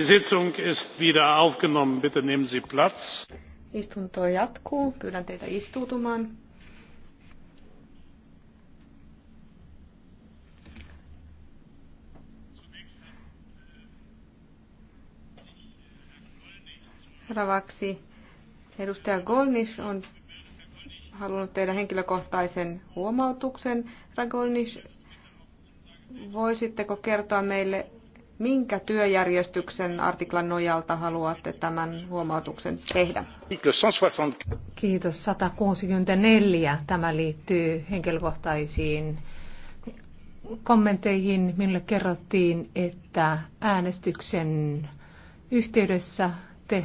Die Sitzung ist wieder aufgenommen. Bitte nehmen Sie Platz. Istunto jatkuu. Pyydän teitä istuutumaan. Seuraavaksi edustaja Golnish on halunnut tehdä henkilökohtaisen huomautuksen. Ragolnish, voisitteko kertoa meille Minkä työjärjestyksen artiklan nojalta haluatte tämän huomautuksen tehdä? Kiitos. 164. Tämä liittyy henkilökohtaisiin kommentteihin. Minulle kerrottiin, että äänestyksen yhteydessä te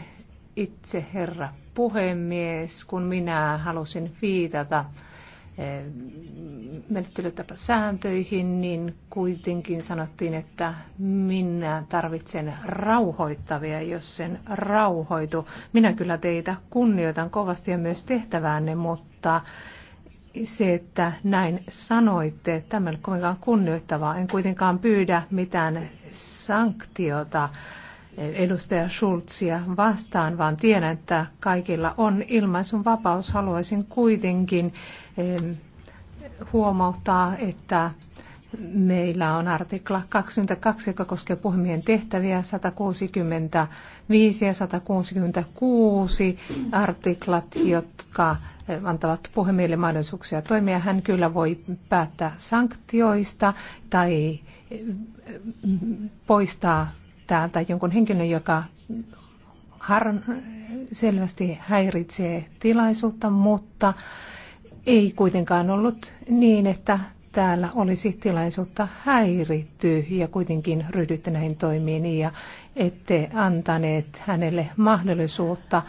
itse herra puhemies, kun minä halusin viitata sääntöihin, niin kuitenkin sanottiin, että minä tarvitsen rauhoittavia, jos sen rauhoitu. Minä kyllä teitä kunnioitan kovasti ja myös tehtäväänne, mutta se, että näin sanoitte, tämä ei ole kunnioittavaa. En kuitenkaan pyydä mitään sanktiota edustaja Schulzia vastaan, vaan tiedän, että kaikilla on ilmaisun vapaus. Haluaisin kuitenkin huomauttaa, että meillä on artikla 22, joka koskee puhemiehen tehtäviä, 165 ja 166 artiklat, jotka eh, antavat puhemiehelle mahdollisuuksia toimia. Hän kyllä voi päättää sanktioista tai eh, poistaa täältä jonkun henkilön, joka har- selvästi häiritsee tilaisuutta, mutta ei kuitenkaan ollut niin, että täällä olisi tilaisuutta häiritty ja kuitenkin ryhdytte näihin toimiin ja ette antaneet hänelle mahdollisuutta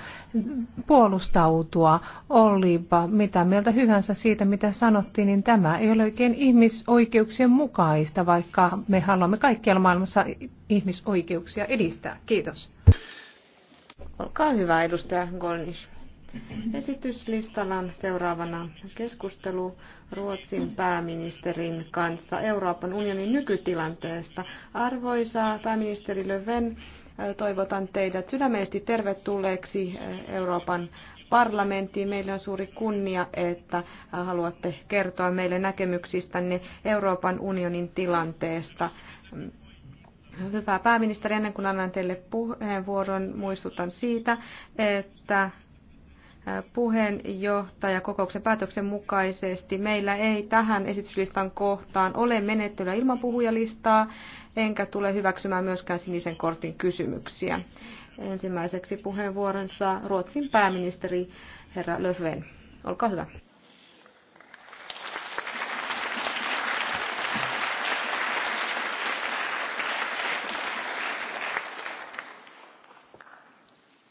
puolustautua. Olipa mitä mieltä hyvänsä siitä, mitä sanottiin, niin tämä ei ole oikein ihmisoikeuksien mukaista, vaikka me haluamme kaikkialla maailmassa ihmisoikeuksia edistää. Kiitos. Olkaa hyvä, edustaja Golnish. Esityslistalla on seuraavana keskustelu Ruotsin pääministerin kanssa Euroopan unionin nykytilanteesta. Arvoisa pääministeri Löfven, toivotan teidät sydämellisesti tervetulleeksi Euroopan parlamenttiin. Meille on suuri kunnia, että haluatte kertoa meille näkemyksistänne Euroopan unionin tilanteesta. Hyvä pääministeri, ennen kuin annan teille puheenvuoron, muistutan siitä, että puheenjohtaja kokouksen päätöksen mukaisesti. Meillä ei tähän esityslistan kohtaan ole menettelyä ilman puhujalistaa, enkä tule hyväksymään myöskään sinisen kortin kysymyksiä. Ensimmäiseksi puheenvuoronsa Ruotsin pääministeri herra Löfven. Olkaa hyvä.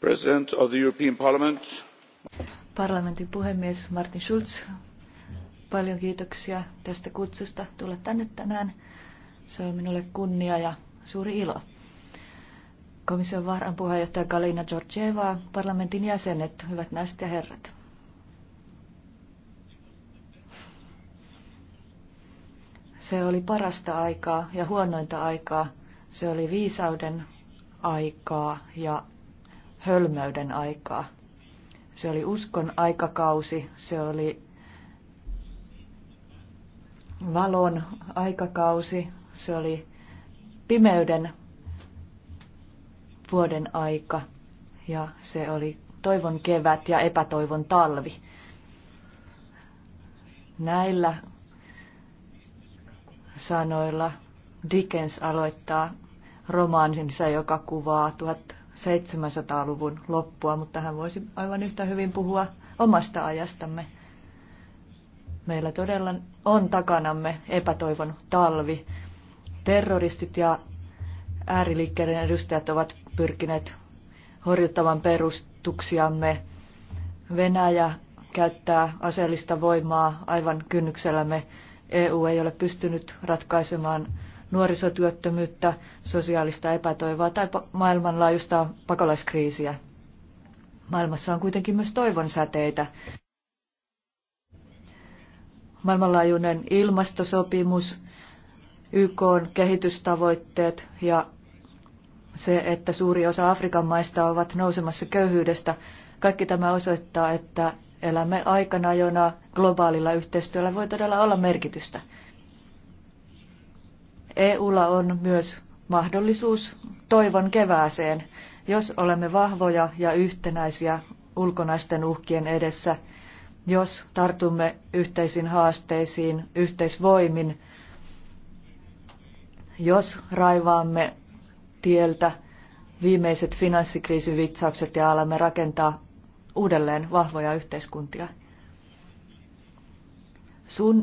President of the European Parliament, Parlamentin puhemies Martin Schulz, paljon kiitoksia tästä kutsusta tulla tänne tänään. Se on minulle kunnia ja suuri ilo. Komission vaaran puheenjohtaja Kalina Georgieva, parlamentin jäsenet, hyvät naiset ja herrat. Se oli parasta aikaa ja huonointa aikaa. Se oli viisauden aikaa ja hölmöyden aikaa. Se oli uskon aikakausi, se oli valon aikakausi, se oli pimeyden vuoden aika ja se oli toivon kevät ja epätoivon talvi. Näillä sanoilla Dickens aloittaa romaaninsa, joka kuvaa 1000 1700 luvun loppua, mutta hän voisi aivan yhtä hyvin puhua omasta ajastamme. Meillä todella on takanamme epätoivon talvi. Terroristit ja ääriliikkeiden edustajat ovat pyrkineet horjuttamaan perustuksiamme. Venäjä käyttää aseellista voimaa aivan kynnyksellämme. EU ei ole pystynyt ratkaisemaan nuorisotyöttömyyttä, sosiaalista epätoivoa tai maailmanlaajuista pakolaiskriisiä. Maailmassa on kuitenkin myös toivon säteitä. Maailmanlaajuinen ilmastosopimus, YK kehitystavoitteet ja se, että suuri osa Afrikan maista ovat nousemassa köyhyydestä, kaikki tämä osoittaa, että elämme aikana, jona globaalilla yhteistyöllä voi todella olla merkitystä. EUlla on myös mahdollisuus toivon kevääseen, jos olemme vahvoja ja yhtenäisiä ulkonaisten uhkien edessä, jos tartumme yhteisiin haasteisiin yhteisvoimin, jos raivaamme tieltä viimeiset finanssikriisin vitsaukset ja alamme rakentaa uudelleen vahvoja yhteiskuntia.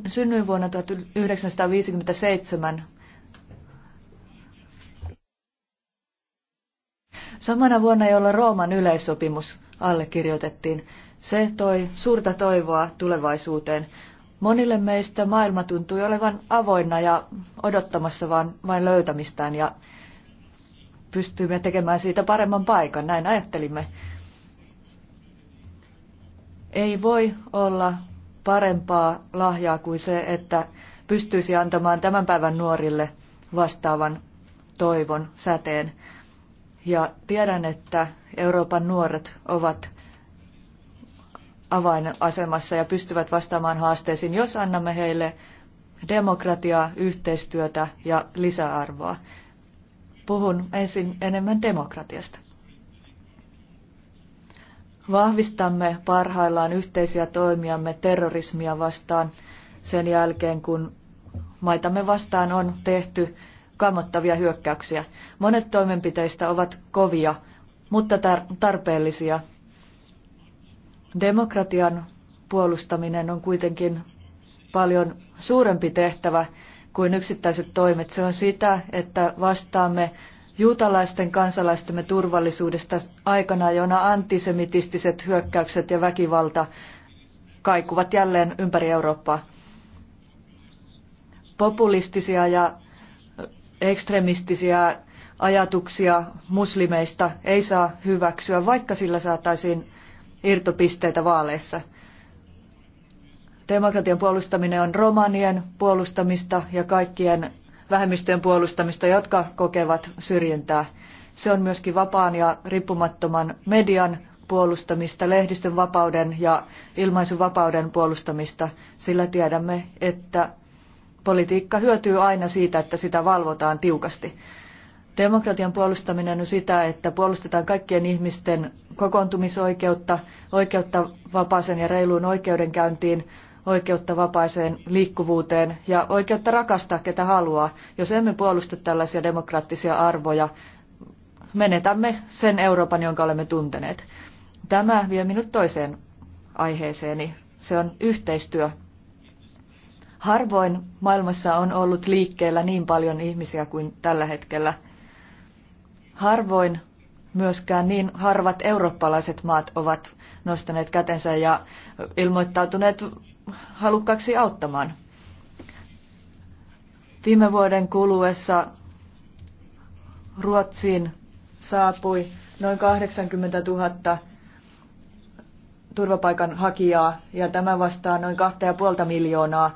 synnyin vuonna 1957 Samana vuonna, jolloin Rooman yleissopimus allekirjoitettiin, se toi suurta toivoa tulevaisuuteen. Monille meistä maailma tuntui olevan avoinna ja odottamassa vain vain löytämistään ja pystyimme tekemään siitä paremman paikan, näin ajattelimme. Ei voi olla parempaa lahjaa kuin se, että pystyisi antamaan tämän päivän nuorille vastaavan toivon säteen. Ja tiedän, että Euroopan nuoret ovat avainasemassa ja pystyvät vastaamaan haasteisiin, jos annamme heille demokratiaa, yhteistyötä ja lisäarvoa. Puhun ensin enemmän demokratiasta. Vahvistamme parhaillaan yhteisiä toimiamme terrorismia vastaan sen jälkeen, kun maitamme vastaan on tehty kammottavia hyökkäyksiä. Monet toimenpiteistä ovat kovia, mutta tarpeellisia. Demokratian puolustaminen on kuitenkin paljon suurempi tehtävä kuin yksittäiset toimet. Se on sitä, että vastaamme juutalaisten kansalaistemme turvallisuudesta aikana, jona antisemitistiset hyökkäykset ja väkivalta kaikuvat jälleen ympäri Eurooppaa. Populistisia ja ekstremistisiä ajatuksia muslimeista ei saa hyväksyä, vaikka sillä saataisiin irtopisteitä vaaleissa. Demokratian puolustaminen on romanien puolustamista ja kaikkien vähemmistöjen puolustamista, jotka kokevat syrjintää. Se on myöskin vapaan ja riippumattoman median puolustamista, lehdistön vapauden ja ilmaisun vapauden puolustamista, sillä tiedämme, että Politiikka hyötyy aina siitä, että sitä valvotaan tiukasti. Demokratian puolustaminen on sitä, että puolustetaan kaikkien ihmisten kokoontumisoikeutta, oikeutta vapaaseen ja reiluun oikeudenkäyntiin, oikeutta vapaaseen liikkuvuuteen ja oikeutta rakastaa ketä haluaa. Jos emme puolusta tällaisia demokraattisia arvoja, menetämme sen Euroopan, jonka olemme tunteneet. Tämä vie minut toiseen aiheeseeni. Se on yhteistyö Harvoin maailmassa on ollut liikkeellä niin paljon ihmisiä kuin tällä hetkellä. Harvoin myöskään niin harvat eurooppalaiset maat ovat nostaneet kätensä ja ilmoittautuneet halukkaaksi auttamaan. Viime vuoden kuluessa Ruotsiin saapui noin 80 000 turvapaikanhakijaa ja tämä vastaa noin 2,5 miljoonaa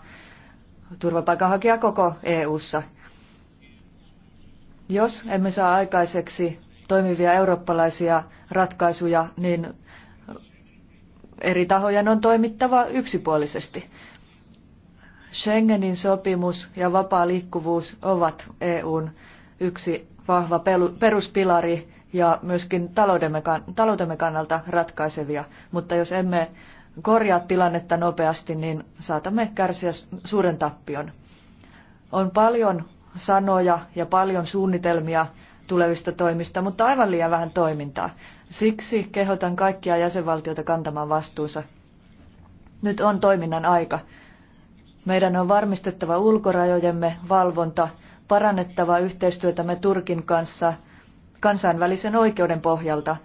turvapaikanhakija koko EU:ssa. Jos emme saa aikaiseksi toimivia eurooppalaisia ratkaisuja, niin eri tahojen on toimittava yksipuolisesti. Schengenin sopimus ja vapaa liikkuvuus ovat EUn yksi vahva peruspilari ja myöskin taloutemme kannalta ratkaisevia, mutta jos emme korjaa tilannetta nopeasti, niin saatamme kärsiä suuren tappion. On paljon sanoja ja paljon suunnitelmia tulevista toimista, mutta aivan liian vähän toimintaa. Siksi kehotan kaikkia jäsenvaltioita kantamaan vastuunsa. Nyt on toiminnan aika. Meidän on varmistettava ulkorajojemme valvonta, parannettava yhteistyötämme Turkin kanssa kansainvälisen oikeuden pohjalta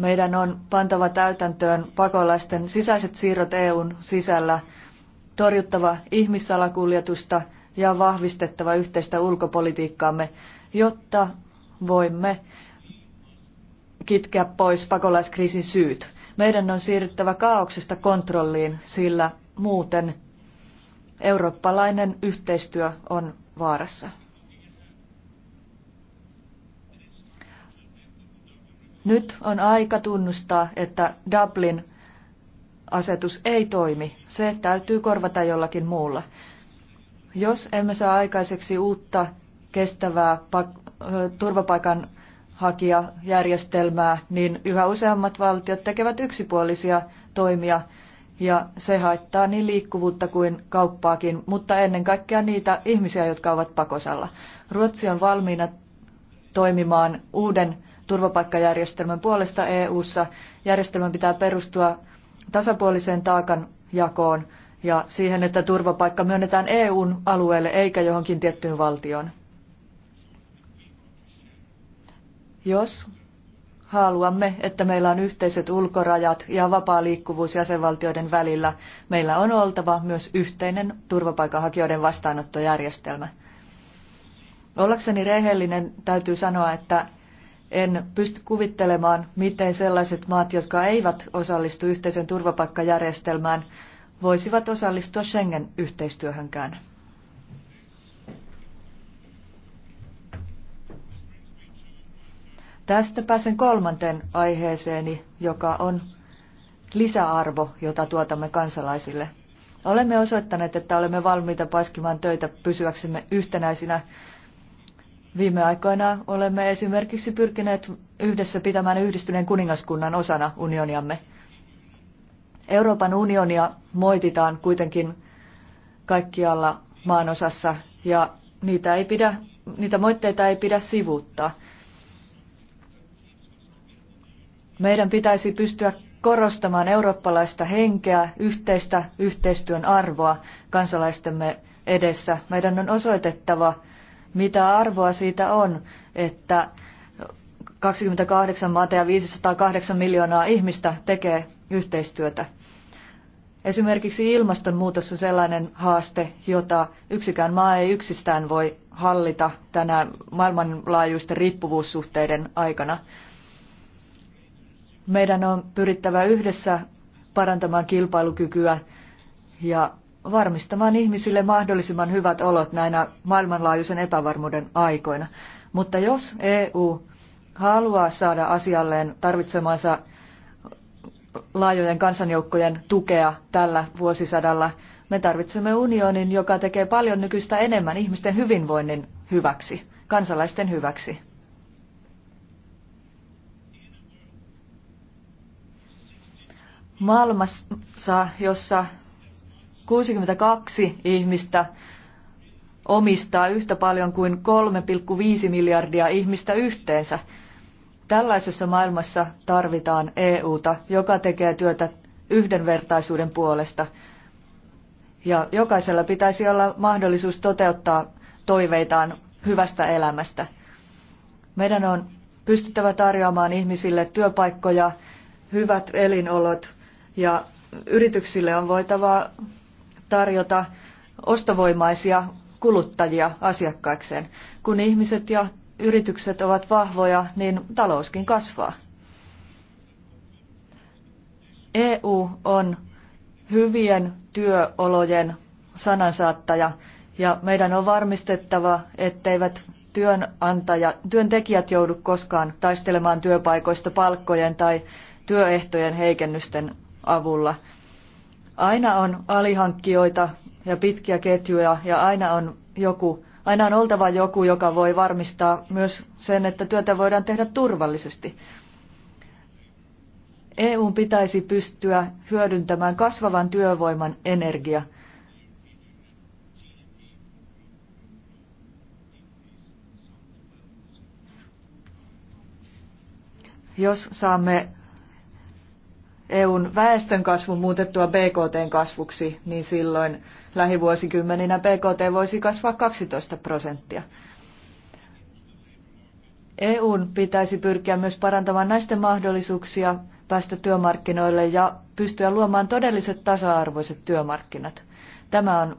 meidän on pantava täytäntöön pakolaisten sisäiset siirrot EUn sisällä, torjuttava ihmissalakuljetusta ja vahvistettava yhteistä ulkopolitiikkaamme, jotta voimme kitkeä pois pakolaiskriisin syyt. Meidän on siirryttävä kaauksesta kontrolliin, sillä muuten eurooppalainen yhteistyö on vaarassa. Nyt on aika tunnustaa, että Dublin asetus ei toimi. Se täytyy korvata jollakin muulla. Jos emme saa aikaiseksi uutta kestävää turvapaikan hakijajärjestelmää, niin yhä useammat valtiot tekevät yksipuolisia toimia ja se haittaa niin liikkuvuutta kuin kauppaakin, mutta ennen kaikkea niitä ihmisiä, jotka ovat pakosalla. Ruotsi on valmiina toimimaan uuden turvapaikkajärjestelmän puolesta EU:ssa. Järjestelmän pitää perustua tasapuoliseen taakanjakoon ja siihen, että turvapaikka myönnetään EUn alueelle eikä johonkin tiettyyn valtioon. Jos haluamme, että meillä on yhteiset ulkorajat ja vapaa liikkuvuus jäsenvaltioiden välillä, meillä on oltava myös yhteinen turvapaikanhakijoiden vastaanottojärjestelmä. Ollakseni rehellinen täytyy sanoa, että en pysty kuvittelemaan, miten sellaiset maat, jotka eivät osallistu yhteisen turvapaikkajärjestelmään, voisivat osallistua Schengen-yhteistyöhönkään. Tästä pääsen kolmanteen aiheeseeni, joka on lisäarvo, jota tuotamme kansalaisille. Olemme osoittaneet, että olemme valmiita paiskimaan töitä pysyäksemme yhtenäisinä Viime aikoina olemme esimerkiksi pyrkineet yhdessä pitämään yhdistyneen kuningaskunnan osana unioniamme. Euroopan unionia moititaan kuitenkin kaikkialla maanosassa ja niitä, ei pidä, niitä moitteita ei pidä sivuuttaa. Meidän pitäisi pystyä korostamaan eurooppalaista henkeä, yhteistä yhteistyön arvoa kansalaistemme edessä. Meidän on osoitettava, mitä arvoa siitä on, että 28 maata ja 508 miljoonaa ihmistä tekee yhteistyötä? Esimerkiksi ilmastonmuutos on sellainen haaste, jota yksikään maa ei yksistään voi hallita tänä maailmanlaajuisten riippuvuussuhteiden aikana. Meidän on pyrittävä yhdessä parantamaan kilpailukykyä ja varmistamaan ihmisille mahdollisimman hyvät olot näinä maailmanlaajuisen epävarmuuden aikoina. Mutta jos EU haluaa saada asialleen tarvitsemansa laajojen kansanjoukkojen tukea tällä vuosisadalla, me tarvitsemme unionin, joka tekee paljon nykyistä enemmän ihmisten hyvinvoinnin hyväksi, kansalaisten hyväksi. Maailmassa, jossa 62 ihmistä omistaa yhtä paljon kuin 3,5 miljardia ihmistä yhteensä. Tällaisessa maailmassa tarvitaan EUta, joka tekee työtä yhdenvertaisuuden puolesta. Ja jokaisella pitäisi olla mahdollisuus toteuttaa toiveitaan hyvästä elämästä. Meidän on pystyttävä tarjoamaan ihmisille työpaikkoja, hyvät elinolot ja yrityksille on voitava tarjota ostovoimaisia kuluttajia asiakkaikseen. Kun ihmiset ja yritykset ovat vahvoja, niin talouskin kasvaa. EU on hyvien työolojen sanansaattaja ja meidän on varmistettava, etteivät työnantaja, työntekijät joudu koskaan taistelemaan työpaikoista palkkojen tai työehtojen heikennysten avulla. Aina on alihankkijoita ja pitkiä ketjuja ja aina on joku, aina on oltava joku, joka voi varmistaa myös sen, että työtä voidaan tehdä turvallisesti. EU pitäisi pystyä hyödyntämään kasvavan työvoiman energia. Jos saamme EUn väestönkasvun muutettua BKTn kasvuksi, niin silloin lähivuosikymmeninä BKT voisi kasvaa 12 prosenttia. EUn pitäisi pyrkiä myös parantamaan naisten mahdollisuuksia päästä työmarkkinoille ja pystyä luomaan todelliset tasa-arvoiset työmarkkinat. Tämä on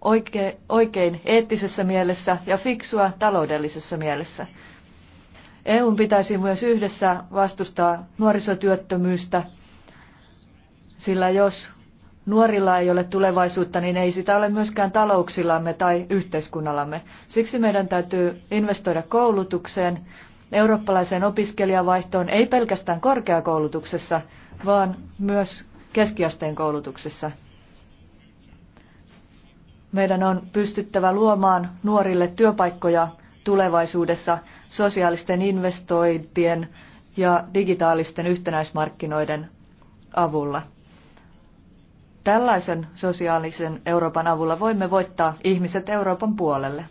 oikein, oikein eettisessä mielessä ja fiksua taloudellisessa mielessä. EUn pitäisi myös yhdessä vastustaa nuorisotyöttömyystä sillä jos nuorilla ei ole tulevaisuutta, niin ei sitä ole myöskään talouksillamme tai yhteiskunnallamme. Siksi meidän täytyy investoida koulutukseen, eurooppalaiseen opiskelijavaihtoon, ei pelkästään korkeakoulutuksessa, vaan myös keskiasteen koulutuksessa. Meidän on pystyttävä luomaan nuorille työpaikkoja tulevaisuudessa sosiaalisten investointien ja digitaalisten yhtenäismarkkinoiden avulla. Tällaisen sosiaalisen Euroopan avulla voimme voittaa ihmiset Euroopan puolelle.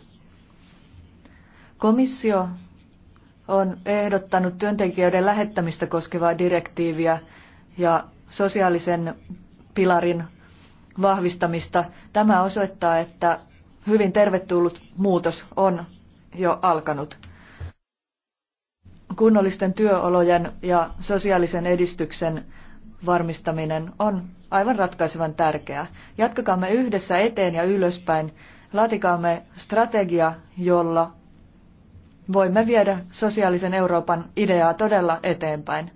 Komissio on ehdottanut työntekijöiden lähettämistä koskevaa direktiiviä ja sosiaalisen pilarin vahvistamista. Tämä osoittaa, että hyvin tervetullut muutos on jo alkanut. Kunnollisten työolojen ja sosiaalisen edistyksen varmistaminen on aivan ratkaisevan tärkeää. Jatkakaamme yhdessä eteen ja ylöspäin. Laatikaamme strategia, jolla voimme viedä sosiaalisen Euroopan ideaa todella eteenpäin.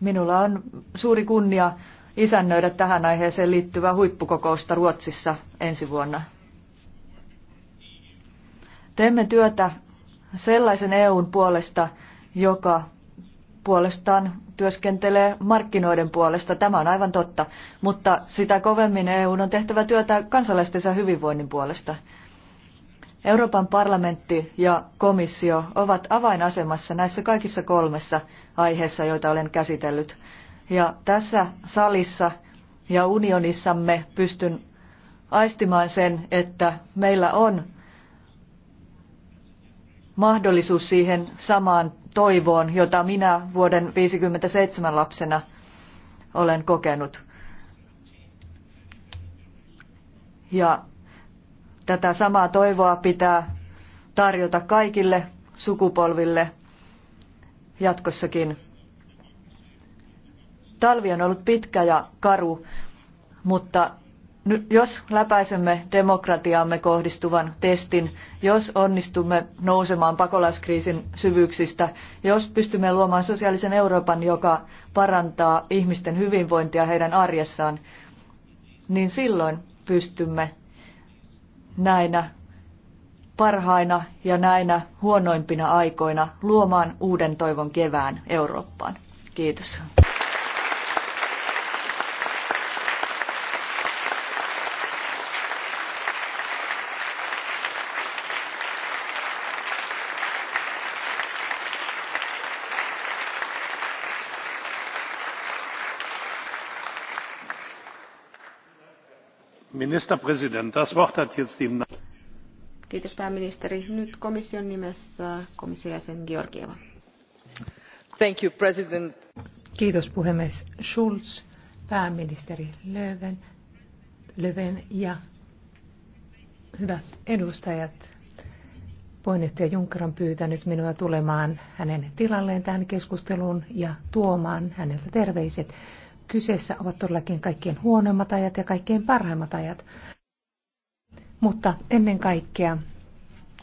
Minulla on suuri kunnia isännöidä tähän aiheeseen liittyvää huippukokousta Ruotsissa ensi vuonna. Teemme työtä sellaisen EUn puolesta, joka puolestaan työskentelee markkinoiden puolesta. Tämä on aivan totta, mutta sitä kovemmin EU on tehtävä työtä kansalaistensa hyvinvoinnin puolesta. Euroopan parlamentti ja komissio ovat avainasemassa näissä kaikissa kolmessa aiheessa, joita olen käsitellyt. Ja tässä salissa ja unionissamme pystyn aistimaan sen, että meillä on mahdollisuus siihen samaan toivoon, jota minä vuoden 1957 lapsena olen kokenut. Ja tätä samaa toivoa pitää tarjota kaikille sukupolville jatkossakin. Talvi on ollut pitkä ja karu, mutta jos läpäisemme demokratiaamme kohdistuvan testin, jos onnistumme nousemaan pakolaiskriisin syvyyksistä, jos pystymme luomaan sosiaalisen Euroopan, joka parantaa ihmisten hyvinvointia heidän arjessaan, niin silloin pystymme näinä parhaina ja näinä huonoimpina aikoina luomaan uuden toivon kevään Eurooppaan. Kiitos. Ministerpräsident, Kiitos pääministeri. Nyt komission nimessä komission jäsen Georgieva. Kiitos puhemies Schulz, pääministeri Löven, Löven ja hyvät edustajat. Puheenjohtaja Juncker on pyytänyt minua tulemaan hänen tilalleen tähän keskusteluun ja tuomaan häneltä terveiset kyseessä ovat todellakin kaikkien huonoimmat ajat ja kaikkein parhaimmat ajat. Mutta ennen kaikkea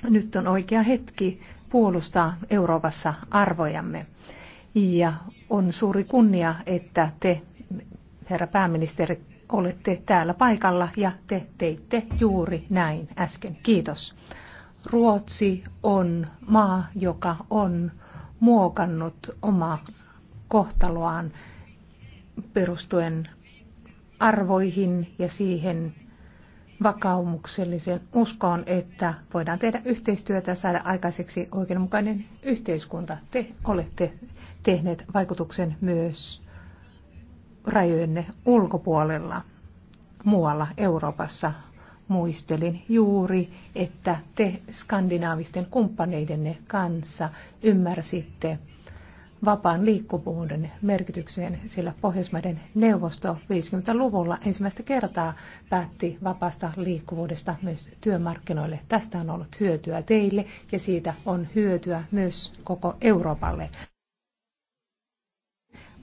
nyt on oikea hetki puolustaa Euroopassa arvojamme. Ja on suuri kunnia, että te, herra pääministeri, olette täällä paikalla ja te teitte juuri näin äsken. Kiitos. Ruotsi on maa, joka on muokannut omaa kohtaloaan perustuen arvoihin ja siihen vakaumukselliseen uskoon, että voidaan tehdä yhteistyötä ja saada aikaiseksi oikeudenmukainen yhteiskunta. Te olette tehneet vaikutuksen myös rajojenne ulkopuolella, muualla Euroopassa. Muistelin juuri, että te skandinaavisten kumppaneidenne kanssa ymmärsitte vapaan liikkuvuuden merkitykseen, sillä Pohjoismaiden neuvosto 50-luvulla ensimmäistä kertaa päätti vapaasta liikkuvuudesta myös työmarkkinoille. Tästä on ollut hyötyä teille ja siitä on hyötyä myös koko Euroopalle.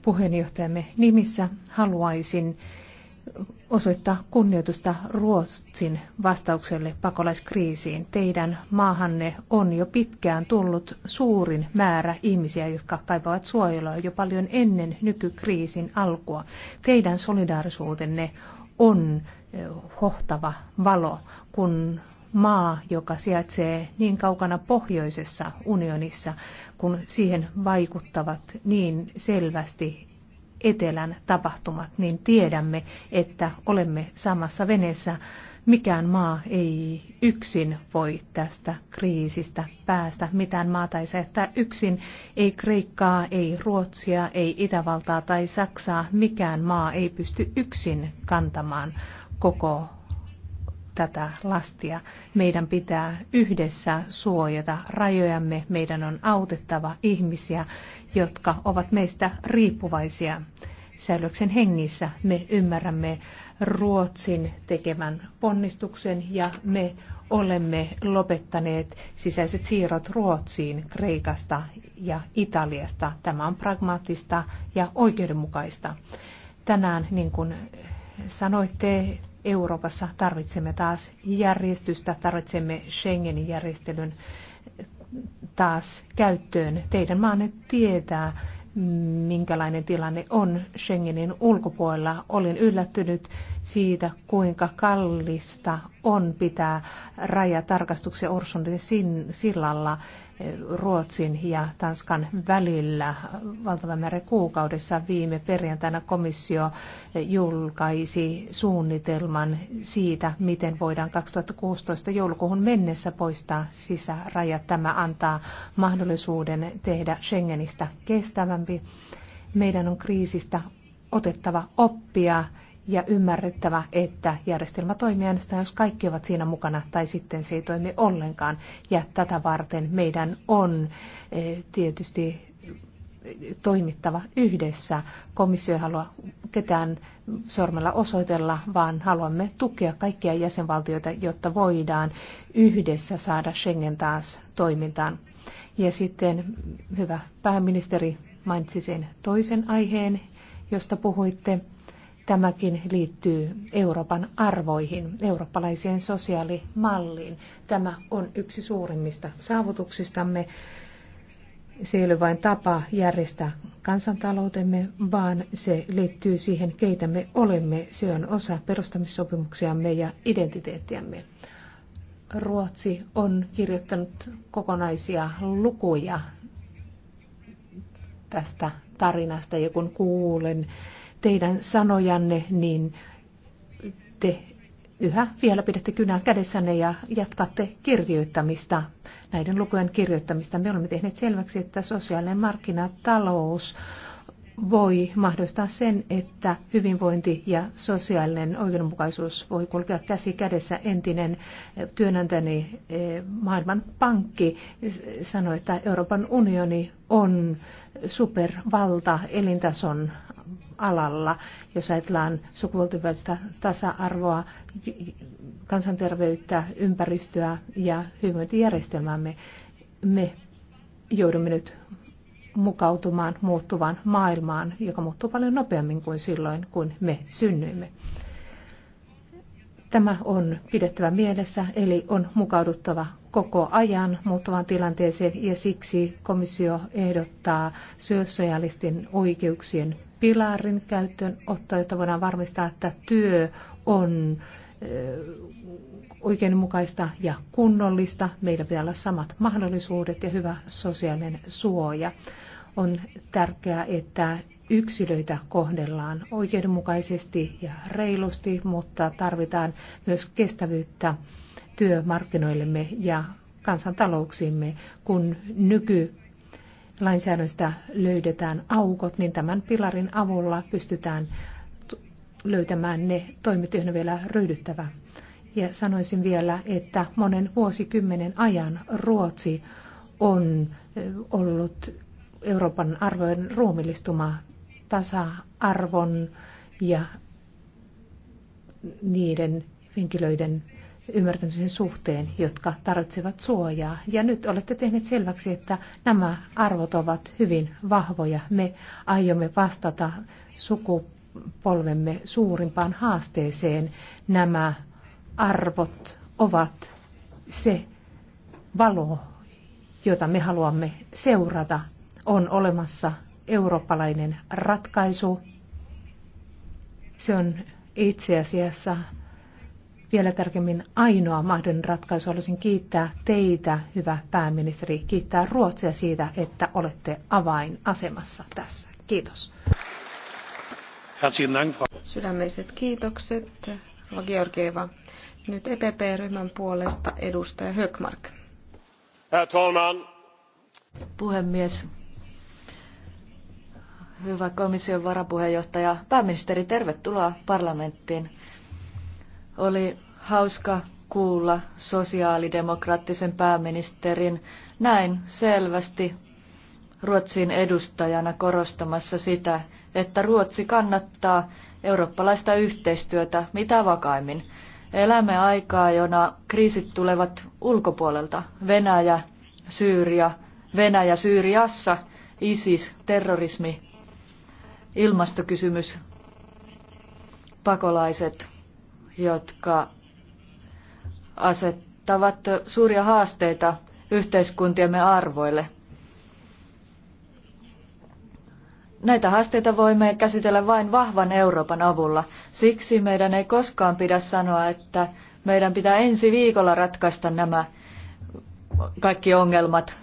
Puheenjohtajamme nimissä haluaisin osoittaa kunnioitusta Ruotsin vastaukselle pakolaiskriisiin. Teidän maahanne on jo pitkään tullut suurin määrä ihmisiä, jotka kaipaavat suojelua jo paljon ennen nykykriisin alkua. Teidän solidaarisuutenne on eh, hohtava valo, kun maa, joka sijaitsee niin kaukana pohjoisessa unionissa, kun siihen vaikuttavat niin selvästi etelän tapahtumat, niin tiedämme, että olemme samassa veneessä. Mikään maa ei yksin voi tästä kriisistä päästä. Mitään maa tai se, että yksin. Ei Kreikkaa, ei Ruotsia, ei Itävaltaa tai Saksaa. Mikään maa ei pysty yksin kantamaan koko tätä lastia. Meidän pitää yhdessä suojata rajojamme. Meidän on autettava ihmisiä, jotka ovat meistä riippuvaisia säilyksen hengissä. Me ymmärrämme Ruotsin tekemän ponnistuksen ja me olemme lopettaneet sisäiset siirrot Ruotsiin, Kreikasta ja Italiasta. Tämä on pragmaattista ja oikeudenmukaista. Tänään, niin kuin sanoitte, Euroopassa tarvitsemme taas järjestystä, tarvitsemme Schengenin järjestelyn taas käyttöön. Teidän maanne tietää, minkälainen tilanne on Schengenin ulkopuolella. Olin yllättynyt siitä, kuinka kallista on pitää rajatarkastuksia Ursunille sillalla eh, Ruotsin ja Tanskan välillä valtavan määrä kuukaudessa. Viime perjantaina komissio eh, julkaisi suunnitelman siitä, miten voidaan 2016 joulukuuhun mennessä poistaa sisärajat. Tämä antaa mahdollisuuden tehdä Schengenistä kestävän vaikeampi. Meidän on kriisistä otettava oppia ja ymmärrettävä, että järjestelmä toimii ainoastaan, jos kaikki ovat siinä mukana, tai sitten se ei toimi ollenkaan. Ja tätä varten meidän on eh, tietysti toimittava yhdessä. Komissio ei halua ketään sormella osoitella, vaan haluamme tukea kaikkia jäsenvaltioita, jotta voidaan yhdessä saada Schengen taas toimintaan. Ja sitten, hyvä pääministeri, mainitsi sen toisen aiheen, josta puhuitte. Tämäkin liittyy Euroopan arvoihin, eurooppalaiseen sosiaalimalliin. Tämä on yksi suurimmista saavutuksistamme. Se ei ole vain tapa järjestää kansantaloutemme, vaan se liittyy siihen, keitä me olemme. Se on osa perustamissopimuksiamme ja identiteettiämme. Ruotsi on kirjoittanut kokonaisia lukuja tästä tarinasta ja kun kuulen teidän sanojanne, niin te yhä vielä pidätte kynää kädessänne ja jatkatte kirjoittamista, näiden lukujen kirjoittamista. Me olemme tehneet selväksi, että sosiaalinen markkinatalous voi mahdollistaa sen, että hyvinvointi ja sosiaalinen oikeudenmukaisuus voi kulkea käsi kädessä. Entinen eh, työnantajani eh, maailman pankki eh, sanoi, että Euroopan unioni on supervalta elintason alalla, jos ajatellaan sukupuolten välistä tasa-arvoa, kansanterveyttä, ympäristöä ja hyvinvointijärjestelmäämme. Me joudumme nyt mukautumaan muuttuvaan maailmaan, joka muuttuu paljon nopeammin kuin silloin, kun me synnyimme. Tämä on pidettävä mielessä, eli on mukauduttava koko ajan muuttuvaan tilanteeseen, ja siksi komissio ehdottaa sosiaalisten oikeuksien pilarin käyttöön ottaa, jotta voidaan varmistaa, että työ on oikeudenmukaista ja kunnollista. Meillä pitää olla samat mahdollisuudet ja hyvä sosiaalinen suoja. On tärkeää, että yksilöitä kohdellaan oikeudenmukaisesti ja reilusti, mutta tarvitaan myös kestävyyttä työmarkkinoillemme ja kansantalouksiimme, kun nykylainsäädännöstä löydetään aukot, niin tämän pilarin avulla pystytään löytämään ne toimet, joihin vielä ryhdyttävä. Ja sanoisin vielä, että monen vuosikymmenen ajan Ruotsi on ollut Euroopan arvojen ruumillistuma, tasa-arvon ja niiden henkilöiden ymmärtämisen suhteen, jotka tarvitsevat suojaa. Ja nyt olette tehneet selväksi, että nämä arvot ovat hyvin vahvoja. Me aiomme vastata sukupolvemme suurimpaan haasteeseen. Nämä arvot ovat se valo, jota me haluamme seurata on olemassa eurooppalainen ratkaisu. Se on itse asiassa vielä tarkemmin ainoa mahdollinen ratkaisu. Haluaisin kiittää teitä, hyvä pääministeri, kiittää Ruotsia siitä, että olette avainasemassa tässä. Kiitos. Sydämelliset kiitokset, Rova Georgieva. Nyt EPP-ryhmän puolesta edustaja Höckmark. Herr Puhemies, Hyvä komission varapuheenjohtaja, pääministeri, tervetuloa parlamenttiin. Oli hauska kuulla sosiaalidemokraattisen pääministerin näin selvästi Ruotsin edustajana korostamassa sitä, että Ruotsi kannattaa eurooppalaista yhteistyötä mitä vakaimmin. Elämme aikaa, jona kriisit tulevat ulkopuolelta. Venäjä, Syyria, Venäjä Syyriassa, ISIS, terrorismi, ilmastokysymys, pakolaiset, jotka asettavat suuria haasteita yhteiskuntiemme arvoille. Näitä haasteita voimme käsitellä vain vahvan Euroopan avulla. Siksi meidän ei koskaan pidä sanoa, että meidän pitää ensi viikolla ratkaista nämä kaikki ongelmat,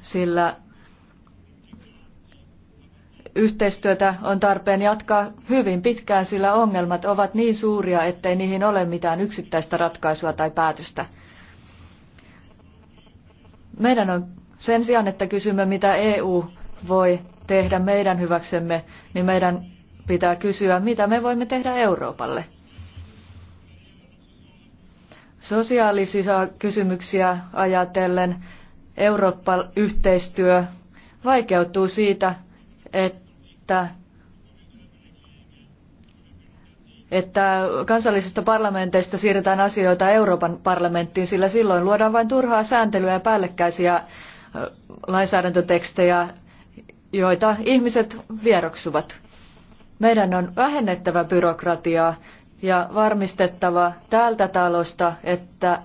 sillä Yhteistyötä on tarpeen jatkaa hyvin pitkään, sillä ongelmat ovat niin suuria, ettei niihin ole mitään yksittäistä ratkaisua tai päätöstä. Meidän on sen sijaan, että kysymme, mitä EU voi tehdä meidän hyväksemme, niin meidän pitää kysyä, mitä me voimme tehdä Euroopalle. Sosiaalisia kysymyksiä ajatellen Eurooppa-yhteistyö vaikeutuu siitä, että että että kansallisista parlamenteista siirretään asioita Euroopan parlamenttiin, sillä silloin luodaan vain turhaa sääntelyä ja päällekkäisiä lainsäädäntötekstejä, joita ihmiset vieroksuvat. Meidän on vähennettävä byrokratiaa ja varmistettava täältä talosta, että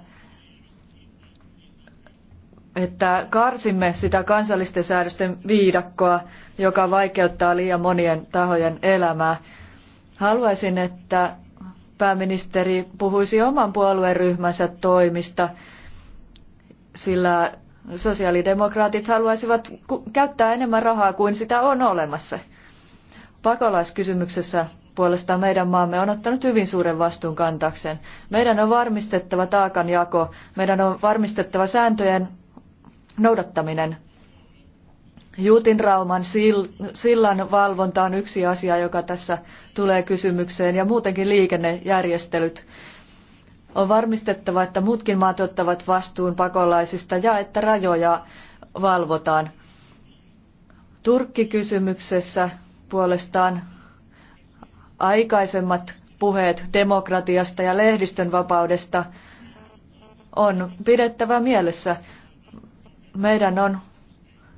että karsimme sitä kansallisten säädösten viidakkoa, joka vaikeuttaa liian monien tahojen elämää. Haluaisin, että pääministeri puhuisi oman puolueryhmänsä toimista, sillä sosiaalidemokraatit haluaisivat käyttää enemmän rahaa kuin sitä on olemassa. Pakolaiskysymyksessä puolestaan meidän maamme on ottanut hyvin suuren vastuun kantakseen. Meidän on varmistettava taakanjako, meidän on varmistettava sääntöjen noudattaminen. Juutinrauman sillan valvonta on yksi asia, joka tässä tulee kysymykseen ja muutenkin liikennejärjestelyt. On varmistettava, että muutkin maat ottavat vastuun pakolaisista ja että rajoja valvotaan. Turkki-kysymyksessä puolestaan aikaisemmat puheet demokratiasta ja lehdistön vapaudesta on pidettävä mielessä meidän on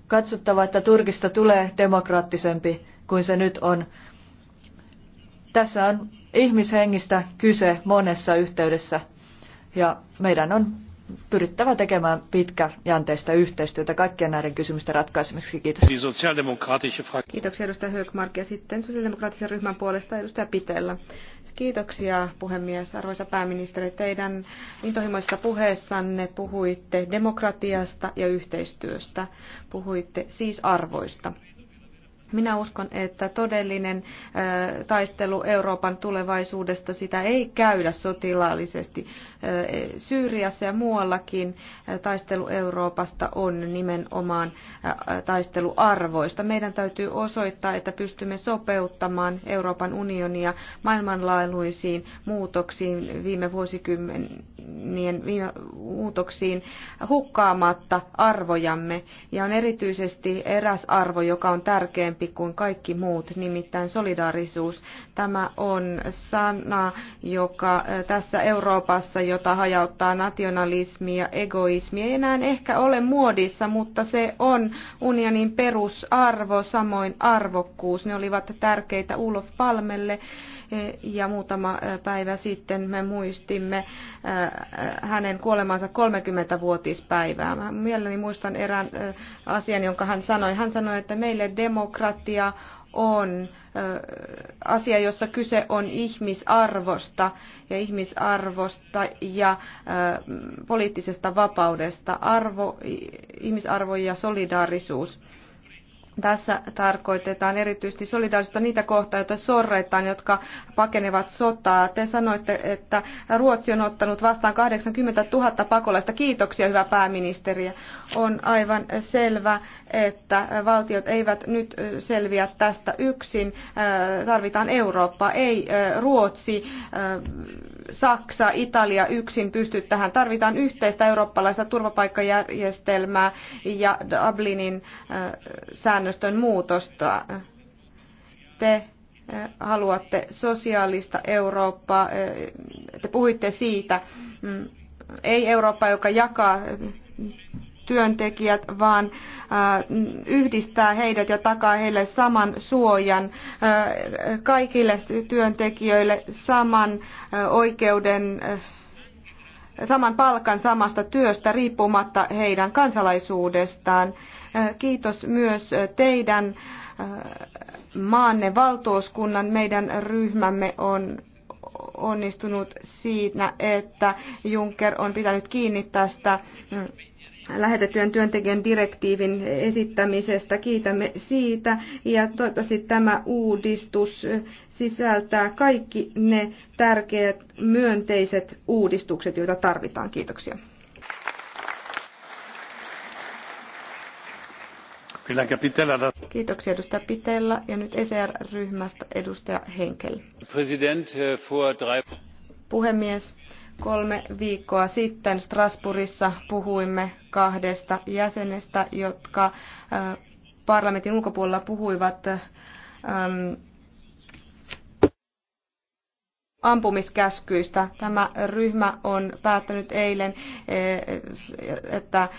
katsottava, että Turkista tulee demokraattisempi kuin se nyt on. Tässä on ihmishengistä kyse monessa yhteydessä ja meidän on pyrittävä tekemään pitkäjänteistä yhteistyötä kaikkien näiden kysymysten ratkaisemiseksi. Kiitos. Kiitoksia edustaja Höökmark ja sitten sosiaalidemokraattisen ryhmän puolesta edustaja Pitellä. Kiitoksia puhemies. Arvoisa pääministeri, teidän intohimoissa puheessanne puhuitte demokratiasta ja yhteistyöstä. Puhuitte siis arvoista. Minä uskon, että todellinen taistelu Euroopan tulevaisuudesta sitä ei käydä sotilaallisesti. Syyriassa ja muuallakin taistelu Euroopasta on nimenomaan taistelu arvoista. Meidän täytyy osoittaa, että pystymme sopeuttamaan Euroopan unionia maailmanlaajuisiin muutoksiin viime vuosikymmenien viime muutoksiin hukkaamatta arvojamme. Ja on erityisesti eräs arvo, joka on tärkeä tärkeämpi kuin kaikki muut, nimittäin solidaarisuus. Tämä on sana, joka tässä Euroopassa, jota hajauttaa nationalismi ja egoismi, ei enää ehkä ole muodissa, mutta se on unionin perusarvo, samoin arvokkuus. Ne olivat tärkeitä Ulof Palmelle Eh, ja muutama eh, päivä sitten me muistimme eh, hänen kuolemansa 30-vuotispäivää. Mielelläni muistan erään asian, jonka hän sanoi. Hän sanoi, että meille demokratia on asia, jossa kyse on ihmisarvosta ja ihmisarvosta ja poliittisesta vapaudesta, arvo, ihmisarvo ja solidaarisuus. Tässä tarkoitetaan erityisesti solidaarisuutta niitä kohtaa, joita sorretaan, jotka pakenevat sotaa. Te sanoitte, että Ruotsi on ottanut vastaan 80 000 pakolaista. Kiitoksia, hyvä pääministeri. On aivan selvä, että valtiot eivät nyt selviä tästä yksin. Tarvitaan Eurooppa, ei Ruotsi, Saksa, Italia yksin pysty tähän. Tarvitaan yhteistä eurooppalaista turvapaikkajärjestelmää ja Dublinin säännöstä säännöstön muutosta. Te eh, haluatte sosiaalista Eurooppaa, eh, te puhuitte siitä, mm, ei Eurooppaa, joka jakaa eh, työntekijät, vaan yhdistää heidät ja takaa heille saman suojan, kaikille työntekijöille saman oikeuden saman palkan samasta työstä riippumatta heidän kansalaisuudestaan. Kiitos myös teidän maanne valtuuskunnan. Meidän ryhmämme on onnistunut siinä, että Juncker on pitänyt kiinni tästä mm, lähetetyön työntekijän direktiivin esittämisestä. Kiitämme siitä ja toivottavasti tämä uudistus sisältää kaikki ne tärkeät myönteiset uudistukset, joita tarvitaan. Kiitoksia. Kiitoksia edustaja Pitella ja nyt ECR-ryhmästä edustaja Henkel. Äh, Puhemies, Kolme viikkoa sitten Strasbourgissa puhuimme kahdesta jäsenestä, jotka parlamentin ulkopuolella puhuivat ampumiskäskyistä. Tämä ryhmä on päättänyt eilen, e, että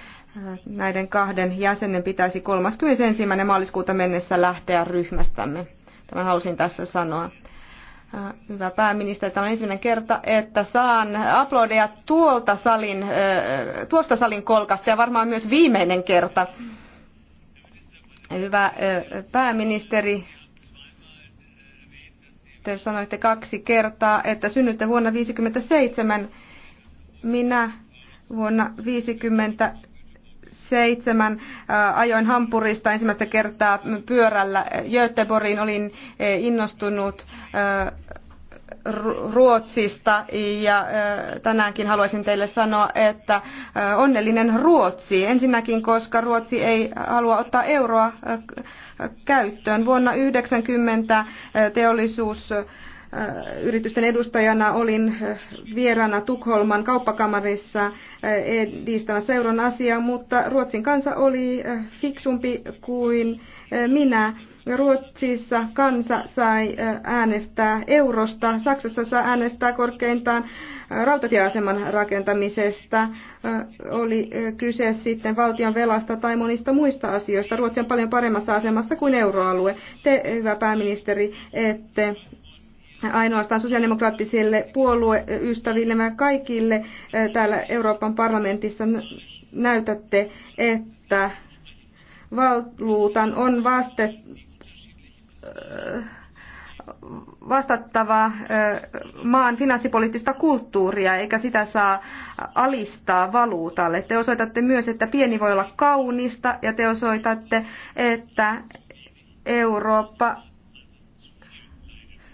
näiden kahden jäsenen pitäisi 31. maaliskuuta mennessä lähteä ryhmästämme. Tämän halusin tässä sanoa. Hyvä pääministeri, tämä on ensimmäinen kerta, että saan aplodeja tuolta salin, tuosta salin kolkasta ja varmaan myös viimeinen kerta. Hyvä pääministeri, te sanoitte kaksi kertaa, että synnytte vuonna 1957. Minä vuonna 1957 seitsemän ajoin Hampurista ensimmäistä kertaa pyörällä Göteborgiin. Olin innostunut Ruotsista ja tänäänkin haluaisin teille sanoa, että onnellinen Ruotsi. Ensinnäkin, koska Ruotsi ei halua ottaa euroa käyttöön. Vuonna 1990 teollisuus yritysten edustajana olin vieraana Tukholman kauppakamarissa edistämässä euron asiaa, mutta Ruotsin kansa oli fiksumpi kuin minä. Ruotsissa kansa sai äänestää eurosta, Saksassa saa äänestää korkeintaan rautatieaseman rakentamisesta. Oli kyse sitten valtion velasta tai monista muista asioista. Ruotsi on paljon paremmassa asemassa kuin euroalue. Te, hyvä pääministeri, ette ainoastaan sosiaalidemokraattisille puolueystäville, vaan kaikille eh, täällä Euroopan parlamentissa näytätte, että valtuutan on vaste, eh, vastattava eh, maan finanssipoliittista kulttuuria, eikä sitä saa alistaa valuutalle. Te osoitatte myös, että pieni voi olla kaunista, ja te osoitatte, että Eurooppa